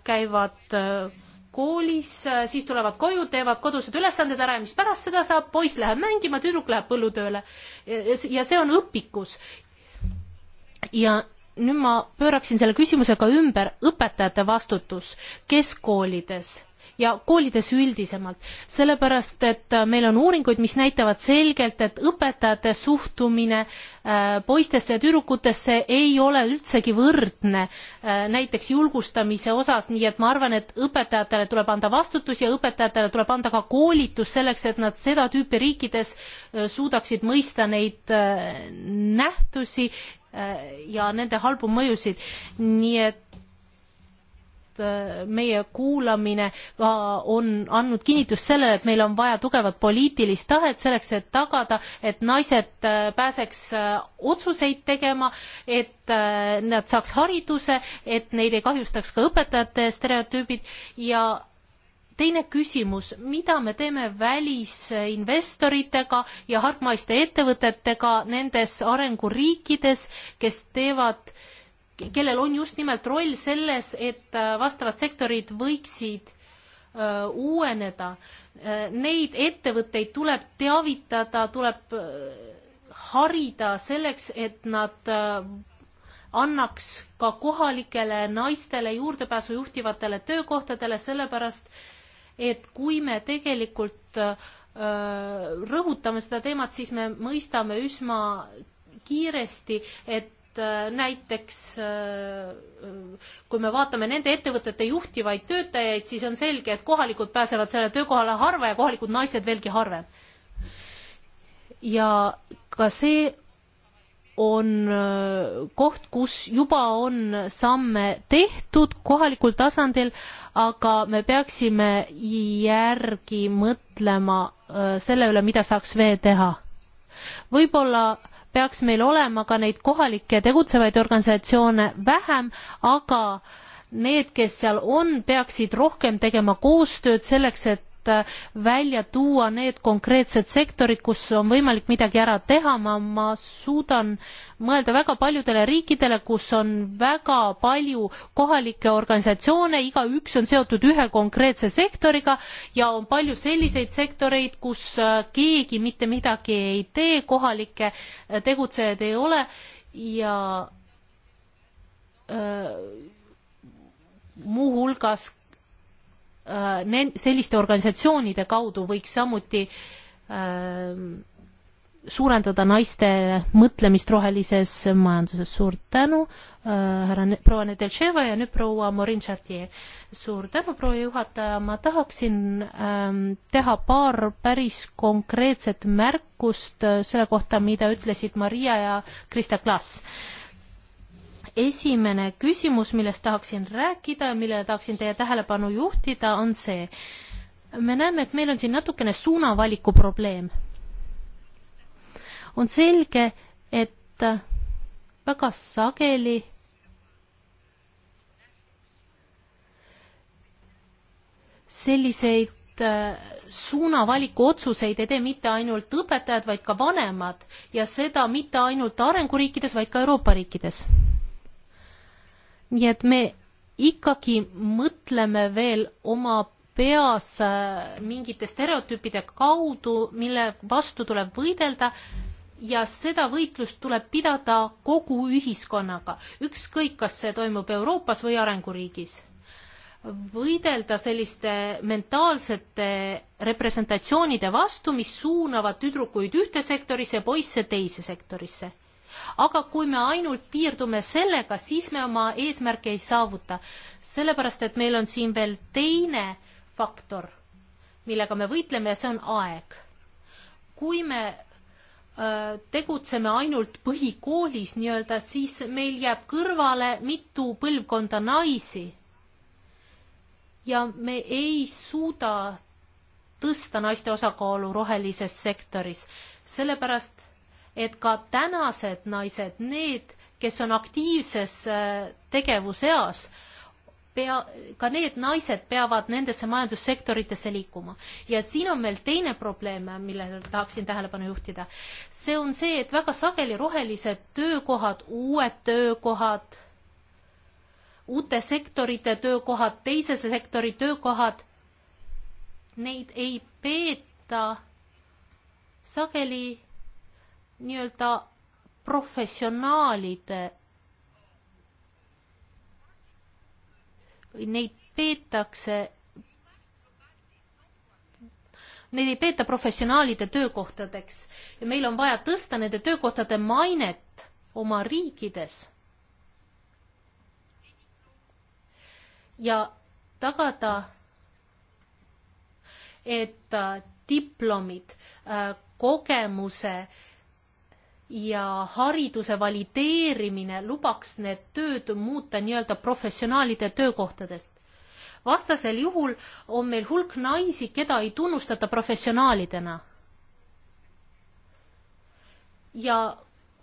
käivad koolis, äh, siis tulevad koju, teevad kodused ülesanded ära ja mis pärast seda saab, poiss läheb mängima, tüdruk läheb põllutööle. ja see on õpikus. ja nüüd ma pööraksin selle küsimuse ka ümber, õpetajate vastutus keskkoolides ja koolides üldisemalt. sellepärast, et äh, meil on uuringuid, mis näitavad selgelt, et õpetajate suhtumine äh, poistesse ja tüdrukutesse ei ole üldsegi võrdne äh, näiteks julgustamise osas, nii et ma arvan, et õpetajatele tuleb anda vastutus ja õpetajatele tuleb anda ka koolitus selleks, et nad seda tüüpi riikides suudaksid mõista neid nähtusi ja nende halbu mõjusid. nii et Äh, meie kuulamine ka on andnud kinnitust sellele, et meil on vaja tugevat poliitilist tahet selleks, et tagada, et naised äh, pääseks äh, otsuseid tegema, et nad saaks hariduse, et neid ei kahjustaks ka õpetajate stereotüübid ja teine küsimus, mida me teeme välisinvestoritega ja hargmaiste ettevõtetega nendes arenguriikides, kes teevad äh, kellel on just nimelt roll selles, et äh, vastavad sektorid võiksid öö, äh, uueneda. Äh, neid ettevõtteid tuleb teavitada, tuleb harida selleks, et nad annaks ka kohalikele naistele juurdepääsu juhtivatele töökohtadele, sellepärast et kui me tegelikult öö, rõhutame seda teemat, siis me mõistame üsna kiiresti, et Äh, näiteks äh, kui me vaatame nende ettevõtete juhtivaid töötajaid, siis on selge, et kohalikud pääsevad sellele töökohale harva ja kohalikud naised veelgi harvem. ja ka see on äh, koht, kus juba on samme tehtud kohalikul tasandil, aga me peaksime järgi mõtlema selle üle, mida saaks veel teha. võib-olla äh, peaks meil olema ka neid kohalikke tegutsevaid organisatsioone vähem, aga need, kes seal on, peaksid rohkem tegema koostööd selleks, et Äh, välja tuua need konkreetsed sektorid, kus on võimalik midagi ära teha, ma, ma suudan mõelda väga paljudele riikidele, kus on väga palju kohalikke organisatsioone, igaüks on seotud ühe konkreetse sektoriga ja on palju selliseid sektoreid, kus äh, keegi mitte midagi ei tee, kohalikke äh, tegutsejaid ei ole ja öö, muuhulgas Äh, ne-, selliste organisatsioonide kaudu võiks samuti äh, suurendada naiste mõtlemist rohelises majanduses. suur tänu äh,, härra ne-, proua Nedeltševa ja nüüd proua Morin Chartier. suur tänu, proua juhataja, ma tahaksin ähm, teha paar päris konkreetset märkust äh, selle kohta, mida ütlesid Maria ja Krista Klaas äh, esimene küsimus, millest tahaksin rääkida ja millele tahaksin teie tähelepanu juhtida, on see. me näeme, et meil on siin natukene suunavaliku probleem. on selge, et väga sageli selliseid äh, suunavaliku otsuseid ei tee mitte ainult õpetajad, vaid ka vanemad ja seda mitte ainult arenguriikides, vaid ka Euroopa riikides nii et me ikkagi mõtleme veel oma peas äh, mingite stereotüüpide kaudu, mille vastu tuleb võidelda ja seda võitlust tuleb pidada kogu ühiskonnaga, ükskõik, kas see toimub Euroopas või arenguriigis. võidelda selliste mentaalsete representatsioonide vastu, mis suunavad tüdrukuid ühte sektorisse ja poisse teise sektorisse aga kui me ainult piirdume sellega, siis me oma eesmärke ei saavuta. sellepärast, et meil on siin veel teine faktor, millega me võitleme ja see on aeg. kui me öö, äh, tegutseme ainult põhikoolis nii-öelda, siis meil jääb kõrvale mitu põlvkonda naisi. ja me ei suuda tõsta naiste osakaalu rohelises sektoris, sellepärast et ka tänased naised, need, kes on aktiivses äh, tegevuseas, pea, ka need naised peavad nendesse majandussektoritesse liikuma. ja siin on veel teine probleem, millele tahaksin tähelepanu juhtida. see on see, et väga sageli rohelised töökohad, uued töökohad, uute sektorite töökohad, teise sektori töökohad, neid ei peeta sageli nii-öelda professionaalide, neid peetakse, neid ei peeta professionaalide töökohtadeks ja meil on vaja tõsta nende töökohtade mainet oma riikides ja tagada, et äh, diplomid, äh, kogemuse ja hariduse valideerimine lubaks need tööd muuta nii-öelda professionaalide töökohtadest. vastasel juhul on meil hulk naisi, keda ei tunnustata professionaalidena. ja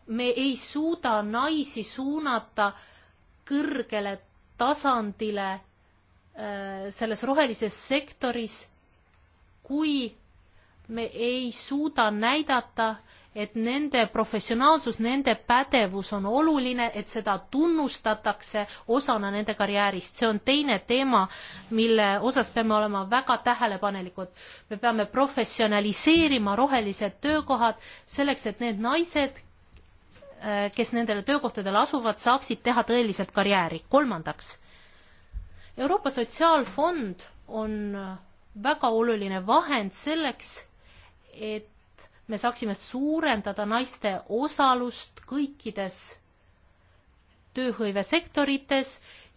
me ei suuda naisi suunata kõrgele tasandile äh, selles rohelises sektoris, kui me ei suuda näidata, et nende professionaalsus, nende pädevus on oluline, et seda tunnustatakse osana nende karjäärist, see on teine teema, mille osas peame olema väga tähelepanelikud. me peame professionaliseerima rohelised töökohad selleks, et need naised, äh, kes nendele töökohtadele asuvad, saaksid teha tõeliselt karjääri. kolmandaks, Euroopa Sotsiaalfond on väga oluline vahend selleks, et me saaksime suurendada naiste osalust kõikides tööhõivesektorites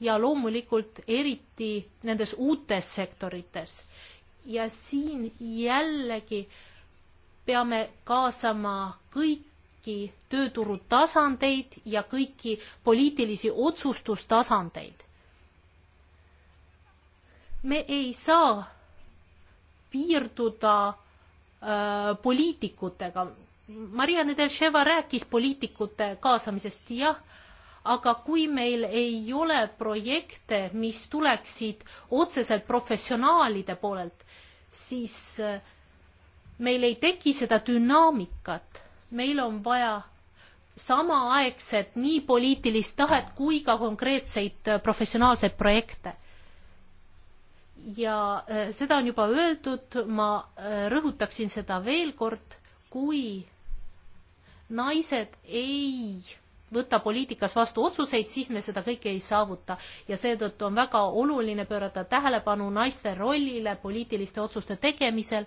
ja loomulikult eriti nendes uutes sektorites. ja siin jällegi peame kaasama kõiki tööturu tasandeid ja kõiki poliitilisi otsustustasandeid. me ei saa piirduda Äh, poliitikutega. Maria Nedeltševa rääkis poliitikute kaasamisest, jah, aga kui meil ei ole projekte, mis tuleksid otseselt professionaalide poolelt, siis äh, meil ei teki seda dünaamikat, meil on vaja samaaegselt nii poliitilist tahet kui ka konkreetseid äh, professionaalseid projekte ja äh, seda on juba öeldud, ma äh, rõhutaksin seda veel kord, kui naised ei võta poliitikas vastu otsuseid, siis me seda kõike ei saavuta. ja seetõttu on väga oluline pöörata tähelepanu naiste rollile poliitiliste otsuste tegemisel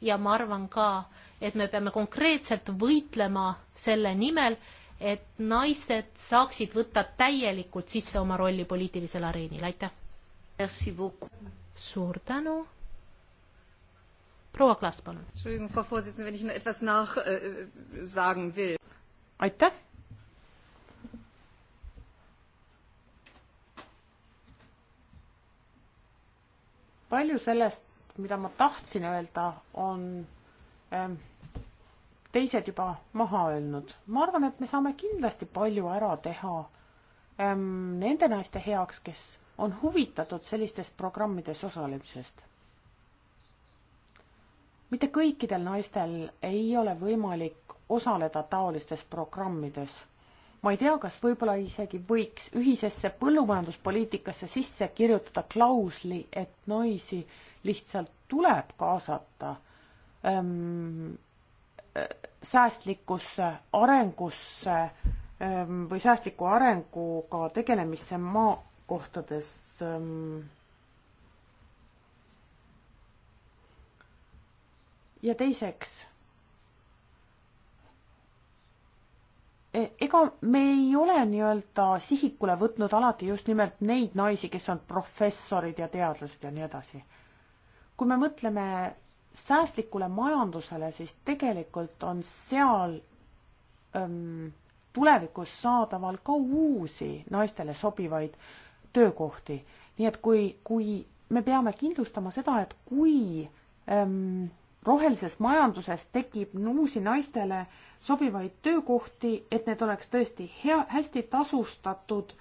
ja ma arvan ka, et me peame konkreetselt võitlema selle nimel, et naised saaksid võtta täielikult sisse oma rolli poliitilisel areenil, aitäh! suur tänu. proua Klaas, palun. Äh, aitäh. palju sellest, mida ma tahtsin öelda, on ähm, teised juba maha öelnud. ma arvan, et me saame kindlasti palju ära teha ähm, nende naiste heaks, kes on huvitatud sellistes programmides osalemisest. mitte kõikidel naistel ei ole võimalik osaleda taolistes programmides. ma ei tea, kas võib-olla isegi võiks ühisesse põllumajanduspoliitikasse sisse kirjutada klausli, et naisi lihtsalt tuleb kaasata ähm, äh, säästlikusse arengusse ähm, või säästliku arenguga tegelemisse maa kohtades ähm, ja teiseks, e, ega me ei ole nii-öelda sihikule võtnud alati just nimelt neid naisi, kes on professorid ja teadlased ja nii edasi. kui me mõtleme säästlikule majandusele, siis tegelikult on seal öm, ähm, tulevikus saadaval ka uusi naistele sobivaid töökohti. nii et kui, kui me peame kindlustama seda, et kui ähm, rohelises majanduses tekib uusi naistele sobivaid töökohti, et need oleks tõesti hea, hästi tasustatud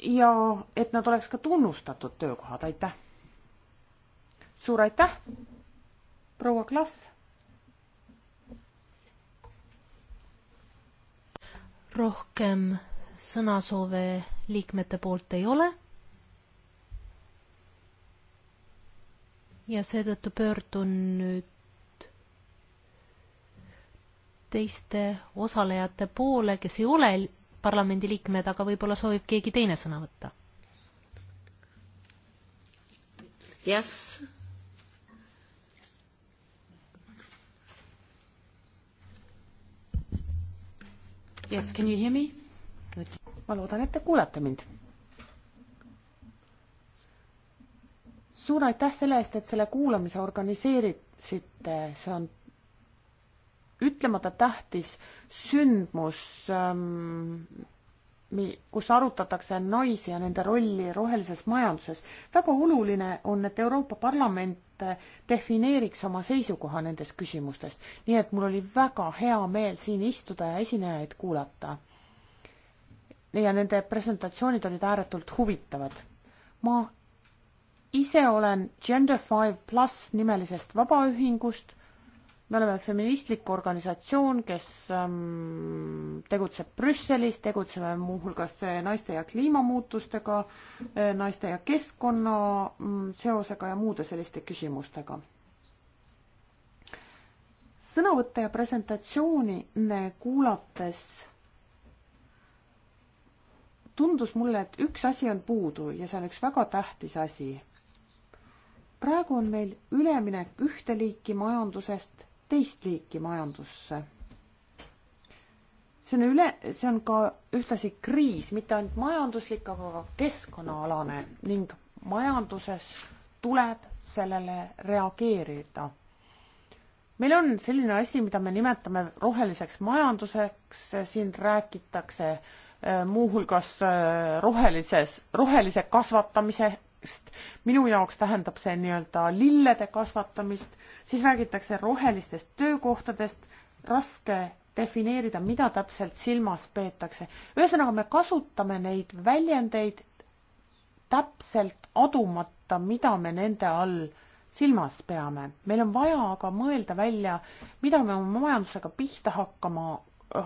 ja et nad oleks ka tunnustatud töökohad, aitäh! suur aitäh, proua Klas! rohkem sõnasoove liikmete poolt ei ole. ja seetõttu pöördun nüüd teiste osalejate poole, kes ei ole parlamendiliikmed, aga võib-olla soovib keegi teine sõna võtta. jah yes.. Yes, can you hear me? ma loodan, et te kuulate mind. suur aitäh selle eest, et selle kuulamise organiseerisite, see on ütlemata tähtis sündmus ähm,, kus arutatakse naisi ja nende rolli rohelises majanduses. väga oluline on, et Euroopa Parlament äh, defineeriks oma seisukoha nendes küsimustes, nii et mul oli väga hea meel siin istuda ja esinejaid kuulata ja nende presentatsioonid olid ääretult huvitavad. ma ise olen Gender Five Plus nimelisest vabaühingust. me oleme feministlik organisatsioon, kes ähm, tegutseb Brüsselis, tegutseme muuhulgas äh, naiste ja kliimamuutustega, äh, naiste ja keskkonna mm, seosega ja muude selliste küsimustega sõnavõtte ja presentatsiooni kuulates tundus mulle, et üks asi on puudu ja see on üks väga tähtis asi. praegu on meil üleminek ühte liiki majandusest teist liiki majandusse. see on üle, see on ka ühtlasi kriis, mitte ainult majanduslik, aga ka keskkonnaalane ning majanduses tuleb sellele reageerida. meil on selline asi, mida me nimetame roheliseks majanduseks, siin räägitakse äh, Äh, muuhulgas äh, rohelises, rohelise kasvatamisest, minu jaoks tähendab see nii-öelda lillede kasvatamist, siis räägitakse rohelistest töökohtadest, raske defineerida, mida täpselt silmas peetakse. ühesõnaga, me kasutame neid väljendeid täpselt adumata, mida me nende all silmas peame. meil on vaja aga mõelda välja, mida me oma majandusega pihta hakkama,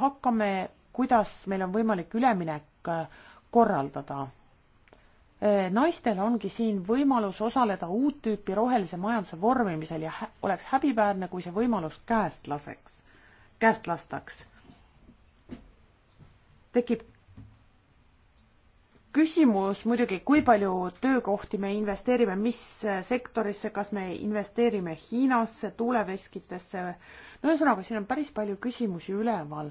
hakkame kuidas meil on võimalik üleminek äh, korraldada. Äh, naistel ongi siin võimalus osaleda uut tüüpi rohelise majanduse vormimisel ja hä oleks häbiväärne, kui see võimalus käest laseks, käest lastaks. tekib küsimus muidugi, kui palju töökohti me investeerime, mis äh, sektorisse, kas me investeerime Hiinasse, tuuleveskitesse, no ühesõnaga, siin on päris palju küsimusi üleval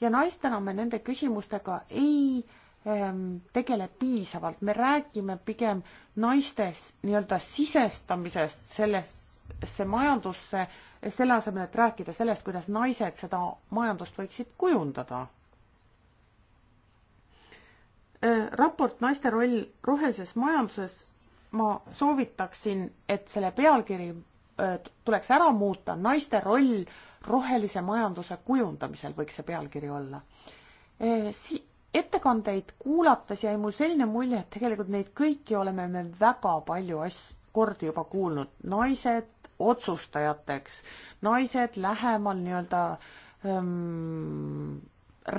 ja naistena me nende küsimustega ei ähm, tegele piisavalt, me räägime pigem naistes nii-öelda sisestamisest sellesse majandusse, selle asemel, et rääkida sellest, kuidas naised seda majandust võiksid kujundada äh,. raport Naiste roll rohelises majanduses ma soovitaksin, et selle pealkiri Äh, tuleks ära muuta, naiste roll rohelise majanduse kujundamisel võiks see pealkiri olla äh, si-, ettekandeid kuulates jäi mul selline mulje, et tegelikult neid kõiki oleme me väga palju as-, kordi juba kuulnud. naised otsustajateks, naised lähemal nii-öelda ähm,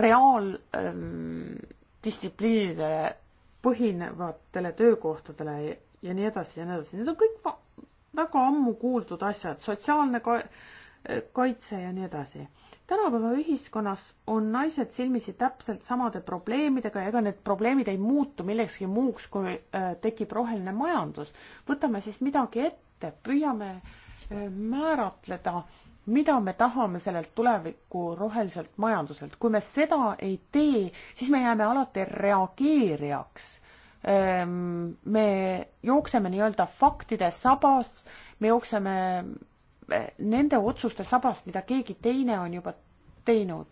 reaaldistsipliinidele ähm, põhinevatele töökohtadele ja nii edasi ja nii edasi. Need on kõik väga ammu kuuldud asjad, sotsiaalne ka kaitse ja nii edasi. tänapäeva ühiskonnas on naised silmitsi täpselt samade probleemidega ja ega need probleemid ei muutu millekski muuks, kui äh, tekib roheline majandus. võtame siis midagi ette, püüame äh, määratleda, mida me tahame sellelt tuleviku roheliselt majanduselt. kui me seda ei tee, siis me jääme alati reageerijaks Ehm, me jookseme nii-öelda faktide sabas, me jookseme eh, nende otsuste sabas, mida keegi teine on juba teinud.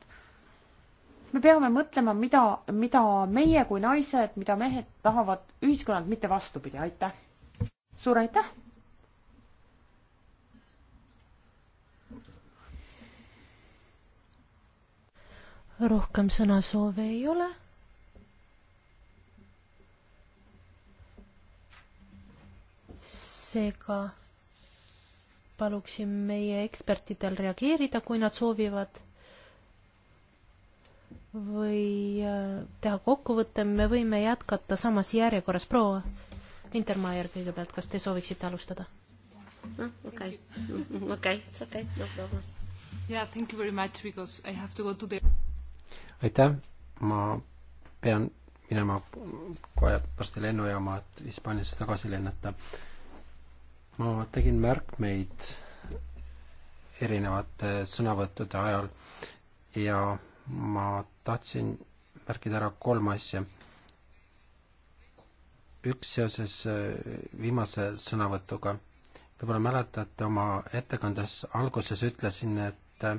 me peame mõtlema, mida, mida meie kui naised, mida mehed tahavad ühiskonnalt, mitte vastupidi, aitäh. suur aitäh. rohkem sõnasoove ei ole seega paluksin meie ekspertidel reageerida, kui nad soovivad või äh, teha kokkuvõtte, me võime jätkata samas järjekorras. proua Vintermaier kõigepealt, kas te sooviksite alustada? noh, okei, okei, it's okei okay., no problem. Yeah, thank you very much because I have to go to the aitäh, ma pean minema kohe varsti lennujaama, et Hispaaniasse tagasi lennata ma tegin märkmeid erinevate sõnavõttude ajal ja ma tahtsin märkida ära kolm asja. üks seoses äh, viimase sõnavõtuga. võib-olla mäletate, oma ettekandes alguses ütlesin, et äh,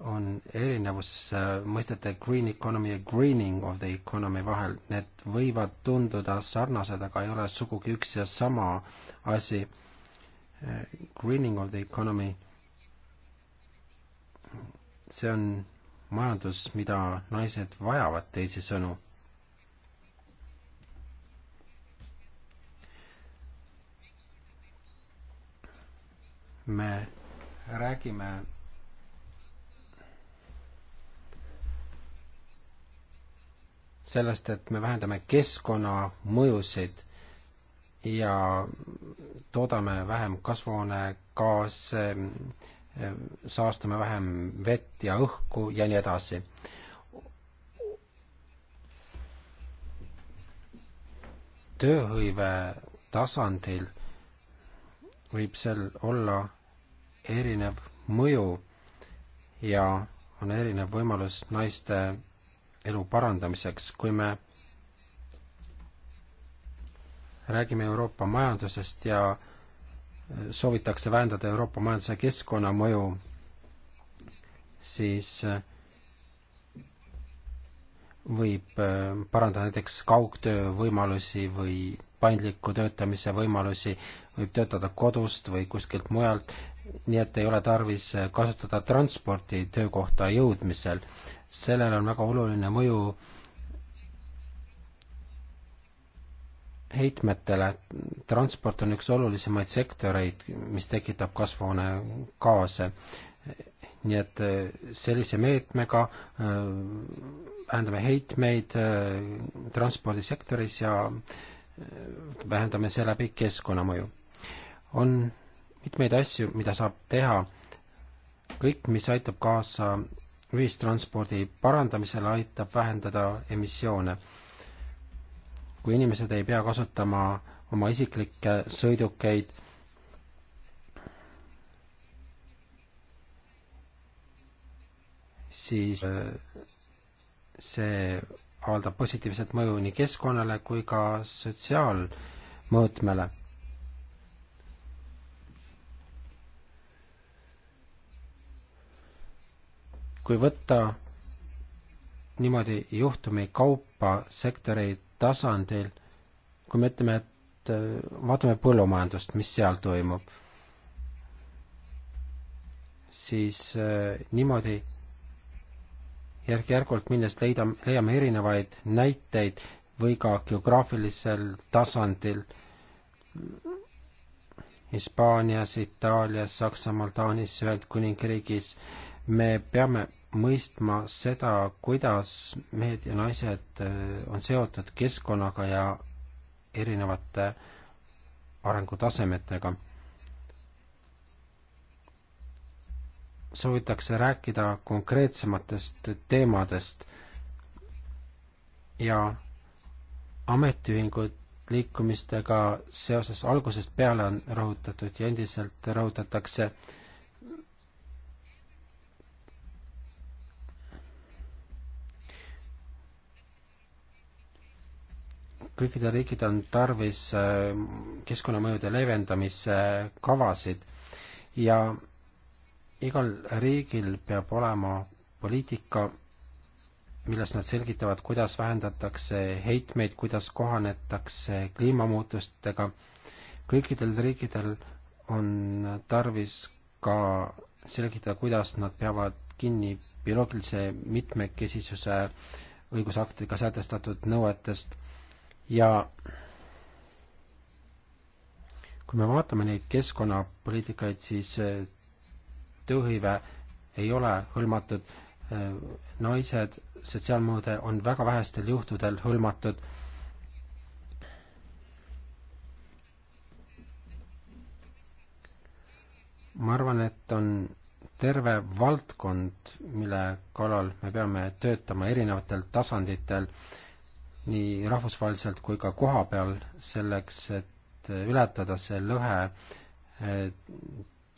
on erinevus äh, mõistete green economy ja greening of the economy vahel. Need võivad tunduda sarnased, aga ei ole sugugi üks ja sama asi Uh, greening of the economy, see on majandus, mida naised vajavad, teisisõnu. me räägime sellest, et me vähendame keskkonnamõjusid ja toodame vähem kasvuhoonegaase, saastame vähem vett ja õhku ja nii edasi. tööhõive tasandil võib sel olla erinev mõju ja on erinev võimalus naiste elu parandamiseks, kui me räägime Euroopa majandusest ja eh, soovitakse vähendada Euroopa majanduse keskkonnamõju, siis eh, võib eh, parandada näiteks kaugtöö võimalusi või paindliku töötamise võimalusi, võib töötada kodust või kuskilt mujalt, nii et ei ole tarvis kasutada transporti töökohta jõudmisel. sellel on väga oluline mõju heitmetele, transport on üks olulisemaid sektoreid, mis tekitab kasvuhoonegaase. nii et äh, sellise meetmega äh, vähendame heitmeid äh, transpordisektoris ja vähendame seeläbi keskkonnamõju. on mitmeid asju, mida saab teha, kõik, mis aitab kaasa ühistranspordi parandamisele, aitab vähendada emissioone kui inimesed ei pea kasutama oma isiklikke sõidukeid siis äh, see avaldab positiivset mõju nii keskkonnale kui ka sotsiaalmõõtmele. kui võtta niimoodi juhtumi kaupa sektoreid tasandil, kui me ütleme, et äh, vaatame põllumajandust, mis seal toimub, siis äh, niimoodi järk-järgult minnes leida, leiame erinevaid näiteid või ka geograafilisel tasandil Hispaanias, Itaalias, Saksamaal, Taanis, Ühendkuningriigis, me peame mõistma seda, kuidas mehed ja naised äh, on seotud keskkonnaga ja erinevate arengutasemetega. soovitakse rääkida konkreetsematest teemadest ja ametiühingud liikumistega seoses algusest peale on rõhutatud ja endiselt rõhutatakse äh, kõikidel riikidel on tarvis äh, keskkonnamõjude leevendamise äh, kavasid ja igal riigil peab olema poliitika, milles nad selgitavad, kuidas vähendatakse heitmeid, kuidas kohanetakse kliimamuutustega. kõikidel riikidel on tarvis ka selgitada, kuidas nad peavad kinni bioloogilise mitmekesisuse õigusaktidega sätestatud nõuetest ja kui me vaatame neid keskkonnapoliitikaid, siis eh, tööhõive ei ole hõlmatud, eh, naised, sotsiaalmõõde on väga vähestel juhtudel hõlmatud. ma arvan, et on terve valdkond, mille kallal me peame töötama erinevatel tasanditel äh, nii rahvusvaheliselt kui ka kohapeal selleks, et ületada see lõhe eh,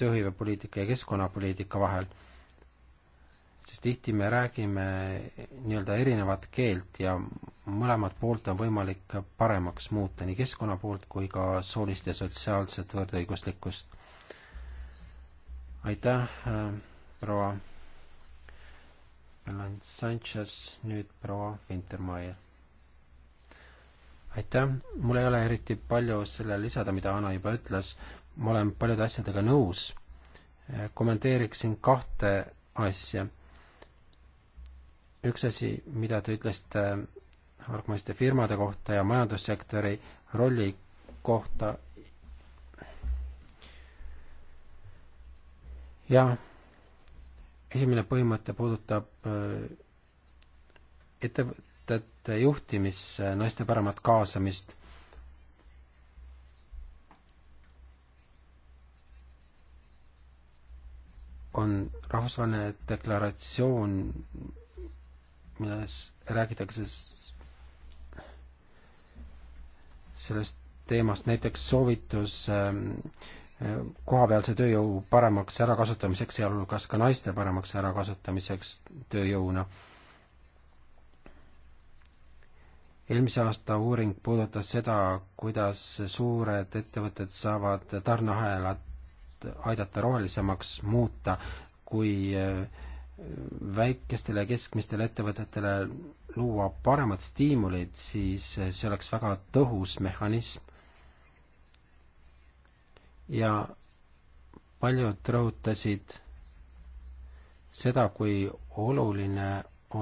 tööhõivepoliitika ja keskkonnapoliitika vahel. sest tihti me räägime nii-öelda erinevat keelt ja mõlemat poolt on võimalik paremaks muuta, nii keskkonna poolt kui ka soolist ja sotsiaalset võrdõiguslikkust. aitäh, eh, proua Sanchez, nüüd proua Wintermaier aitäh, mul ei ole eriti palju selle lisada, mida Anna juba ütles, ma olen paljude asjadega nõus. kommenteeriksin kahte asja. üks asi, mida te ütlesite äh, hargmaiste firmade kohta ja majandussektori rolli kohta. jah, esimene põhimõte puudutab äh, ettevõtte ettevõtete juhtimisse, naiste paremat kaasamist. on rahvusvaheline deklaratsioon, milles räägitakse sellest teemast, näiteks soovitus ähm, äh, kohapealse tööjõu paremaks ärakasutamiseks, sealhulgas ka naiste paremaks ärakasutamiseks tööjõuna eelmise aasta uuring puudutas seda, kuidas suured ettevõtted saavad tarneahelat aidata rohelisemaks muuta, kui eh, väikestele ja keskmistele ettevõtetele luua paremad stiimulid, siis see oleks väga tõhus mehhanism. ja paljud rõhutasid seda, kui oluline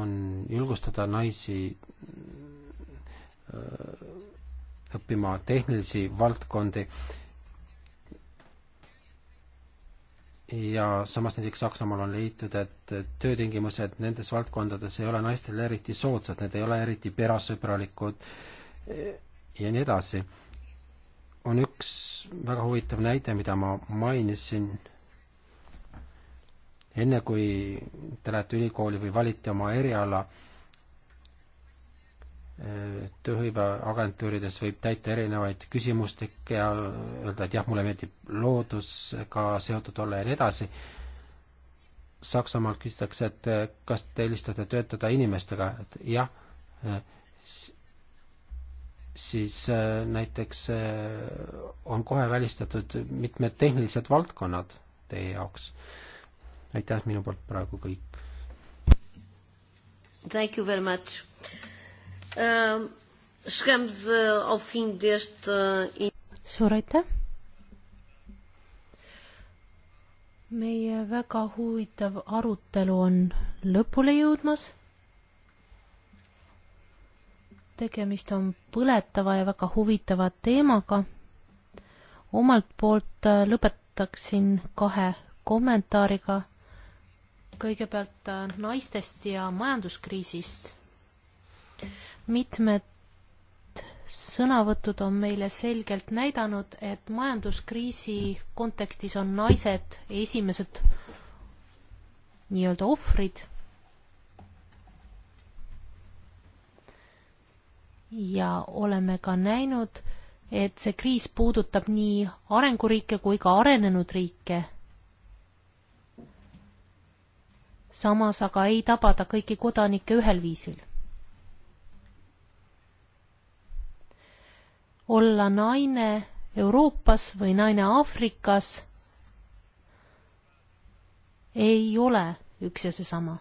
on julgustada naisi Äh, õppima tehnilisi valdkondi. ja samas näiteks Saksamaal on leitud, et töötingimused nendes valdkondades ei ole naistele eriti soodsad, need ei ole eriti perasõbralikud äh, ja nii edasi. on üks väga huvitav näide, mida ma mainisin enne, kui te lähete ülikooli või valite oma eriala tööhõiveagentuurides võib täita erinevaid küsimustikke ja öelda, et jah, mulle meeldib loodusega seotud olla ja nii edasi. Saksamaal küsitakse, et kas te eelistate töötada inimestega, et jah, siis näiteks on kohe välistatud mitmed tehnilised valdkonnad teie jaoks. aitäh minu poolt praegu kõik. Thank you very much. Uh, chegamos uh, ao fim deste. Uh... suur aitäh! meie väga huvitav arutelu on lõpule jõudmas. tegemist on põletava ja väga huvitava teemaga. omalt poolt eh, lõpetaksin kahe kommentaariga. kõigepealt naistest ja majanduskriisist mitmed sõnavõtud on meile selgelt näidanud, et majanduskriisi kontekstis on naised esimesed nii-öelda ohvrid. ja oleme ka näinud, et see kriis puudutab nii arenguriike kui ka arenenud riike. samas aga ei taba ta kõiki kodanikke ühel viisil olla naine Euroopas või naine Aafrikas ei ole üks ja seesama.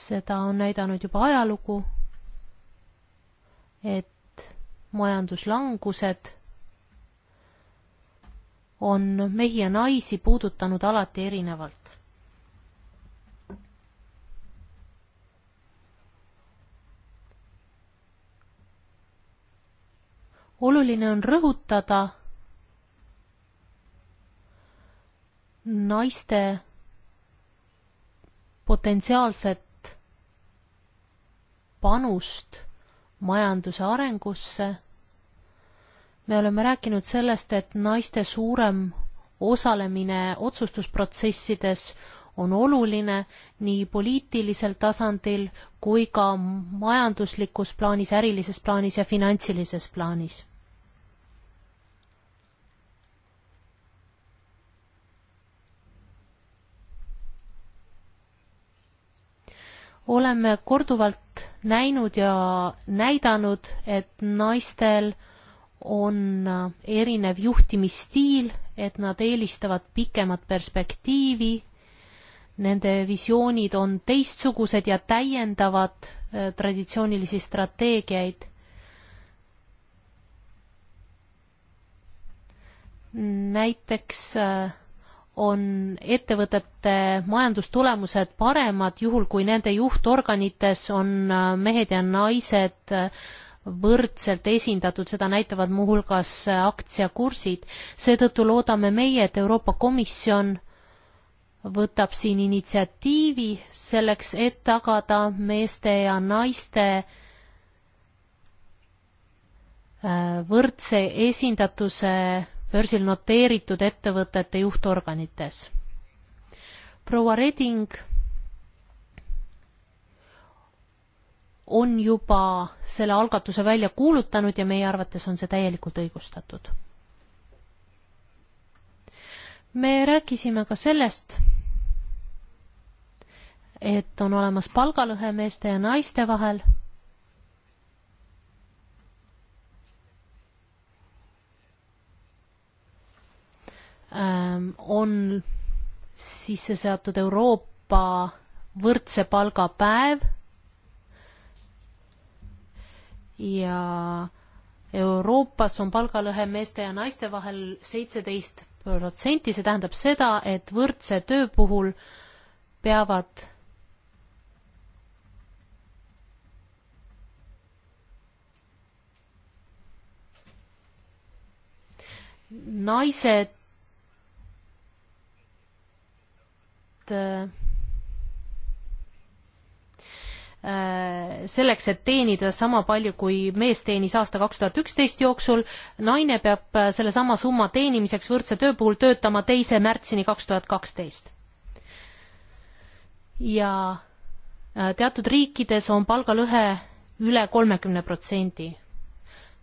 seda on näidanud juba ajalugu, et majanduslangused on mehi ja naisi puudutanud alati erinevalt. oluline on rõhutada naiste potentsiaalset panust majanduse arengusse. me oleme rääkinud sellest, et naiste suurem osalemine otsustusprotsessides on oluline nii poliitilisel tasandil kui ka majanduslikus plaanis, ärilises plaanis ja finantsilises plaanis. oleme korduvalt näinud ja näidanud, et naistel on erinev juhtimisstiil, et nad eelistavad pikemat perspektiivi, nende visioonid on teistsugused ja täiendavad eh, traditsioonilisi strateegiaid. näiteks äh, on ettevõtete majandustulemused paremad juhul, kui nende juhtorganites on äh, mehed ja naised äh, võrdselt esindatud, seda näitavad muuhulgas äh, aktsiakursid. seetõttu loodame meie, et Euroopa Komisjon võtab siin initsiatiivi selleks, et tagada meeste ja naiste võrdse esindatuse börsil noteeritud ettevõtete juhtorganites. proua Reding on juba selle algatuse välja kuulutanud ja meie arvates on see täielikult õigustatud. me rääkisime ka sellest, et on olemas palgalõhe meeste ja naiste vahel Ähm, on sisse seatud Euroopa võrdse palga päev ja Euroopas on palgalõhe meeste ja naiste vahel seitseteist protsenti, see tähendab seda, et võrdse töö puhul peavad naised et äh, selleks, et teenida sama palju, kui mees teenis aasta kaks tuhat üksteist jooksul, naine peab äh, sellesama summa teenimiseks võrdse töö puhul töötama teise märtsini kaks tuhat kaksteist. ja äh, teatud riikides on palgalõhe üle kolmekümne protsendi.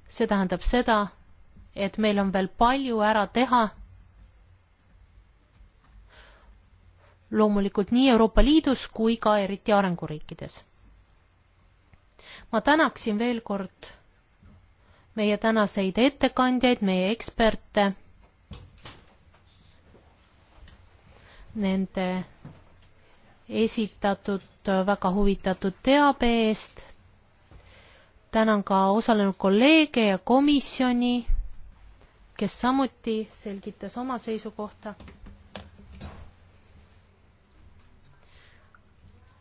see tähendab seda, et meil on veel palju ära teha loomulikult nii Euroopa Liidus kui ka eriti arenguriikides. ma tänaksin veel kord meie tänaseid ettekandjaid, meie eksperte, nende esitatud väga huvitatud teabe eest, tänan ka osalenud kolleege ja komisjoni, kes samuti selgitas oma seisukohta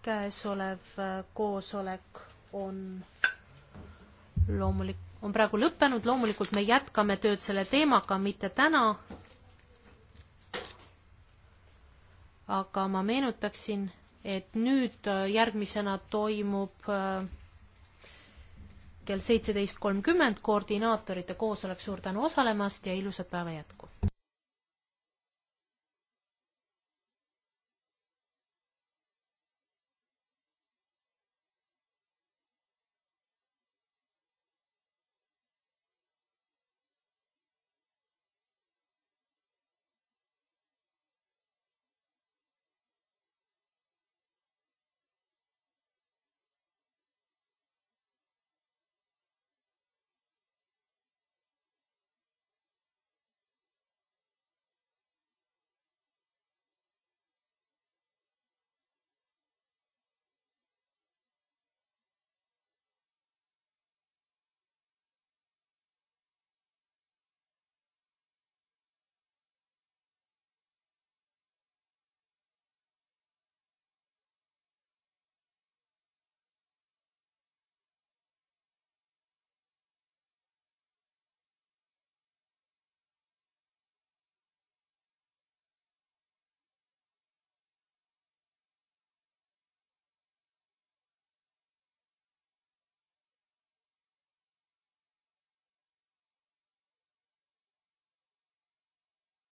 käesolev äh, koosolek on loomulik, on praegu lõppenud, loomulikult me jätkame tööd selle teemaga, mitte täna. aga ma meenutaksin, et nüüd äh, järgmisena toimub äh, kell seitseteist kolmkümmend koordinaatorite koosolek, suur tänu osalemast ja ilusat päeva jätku!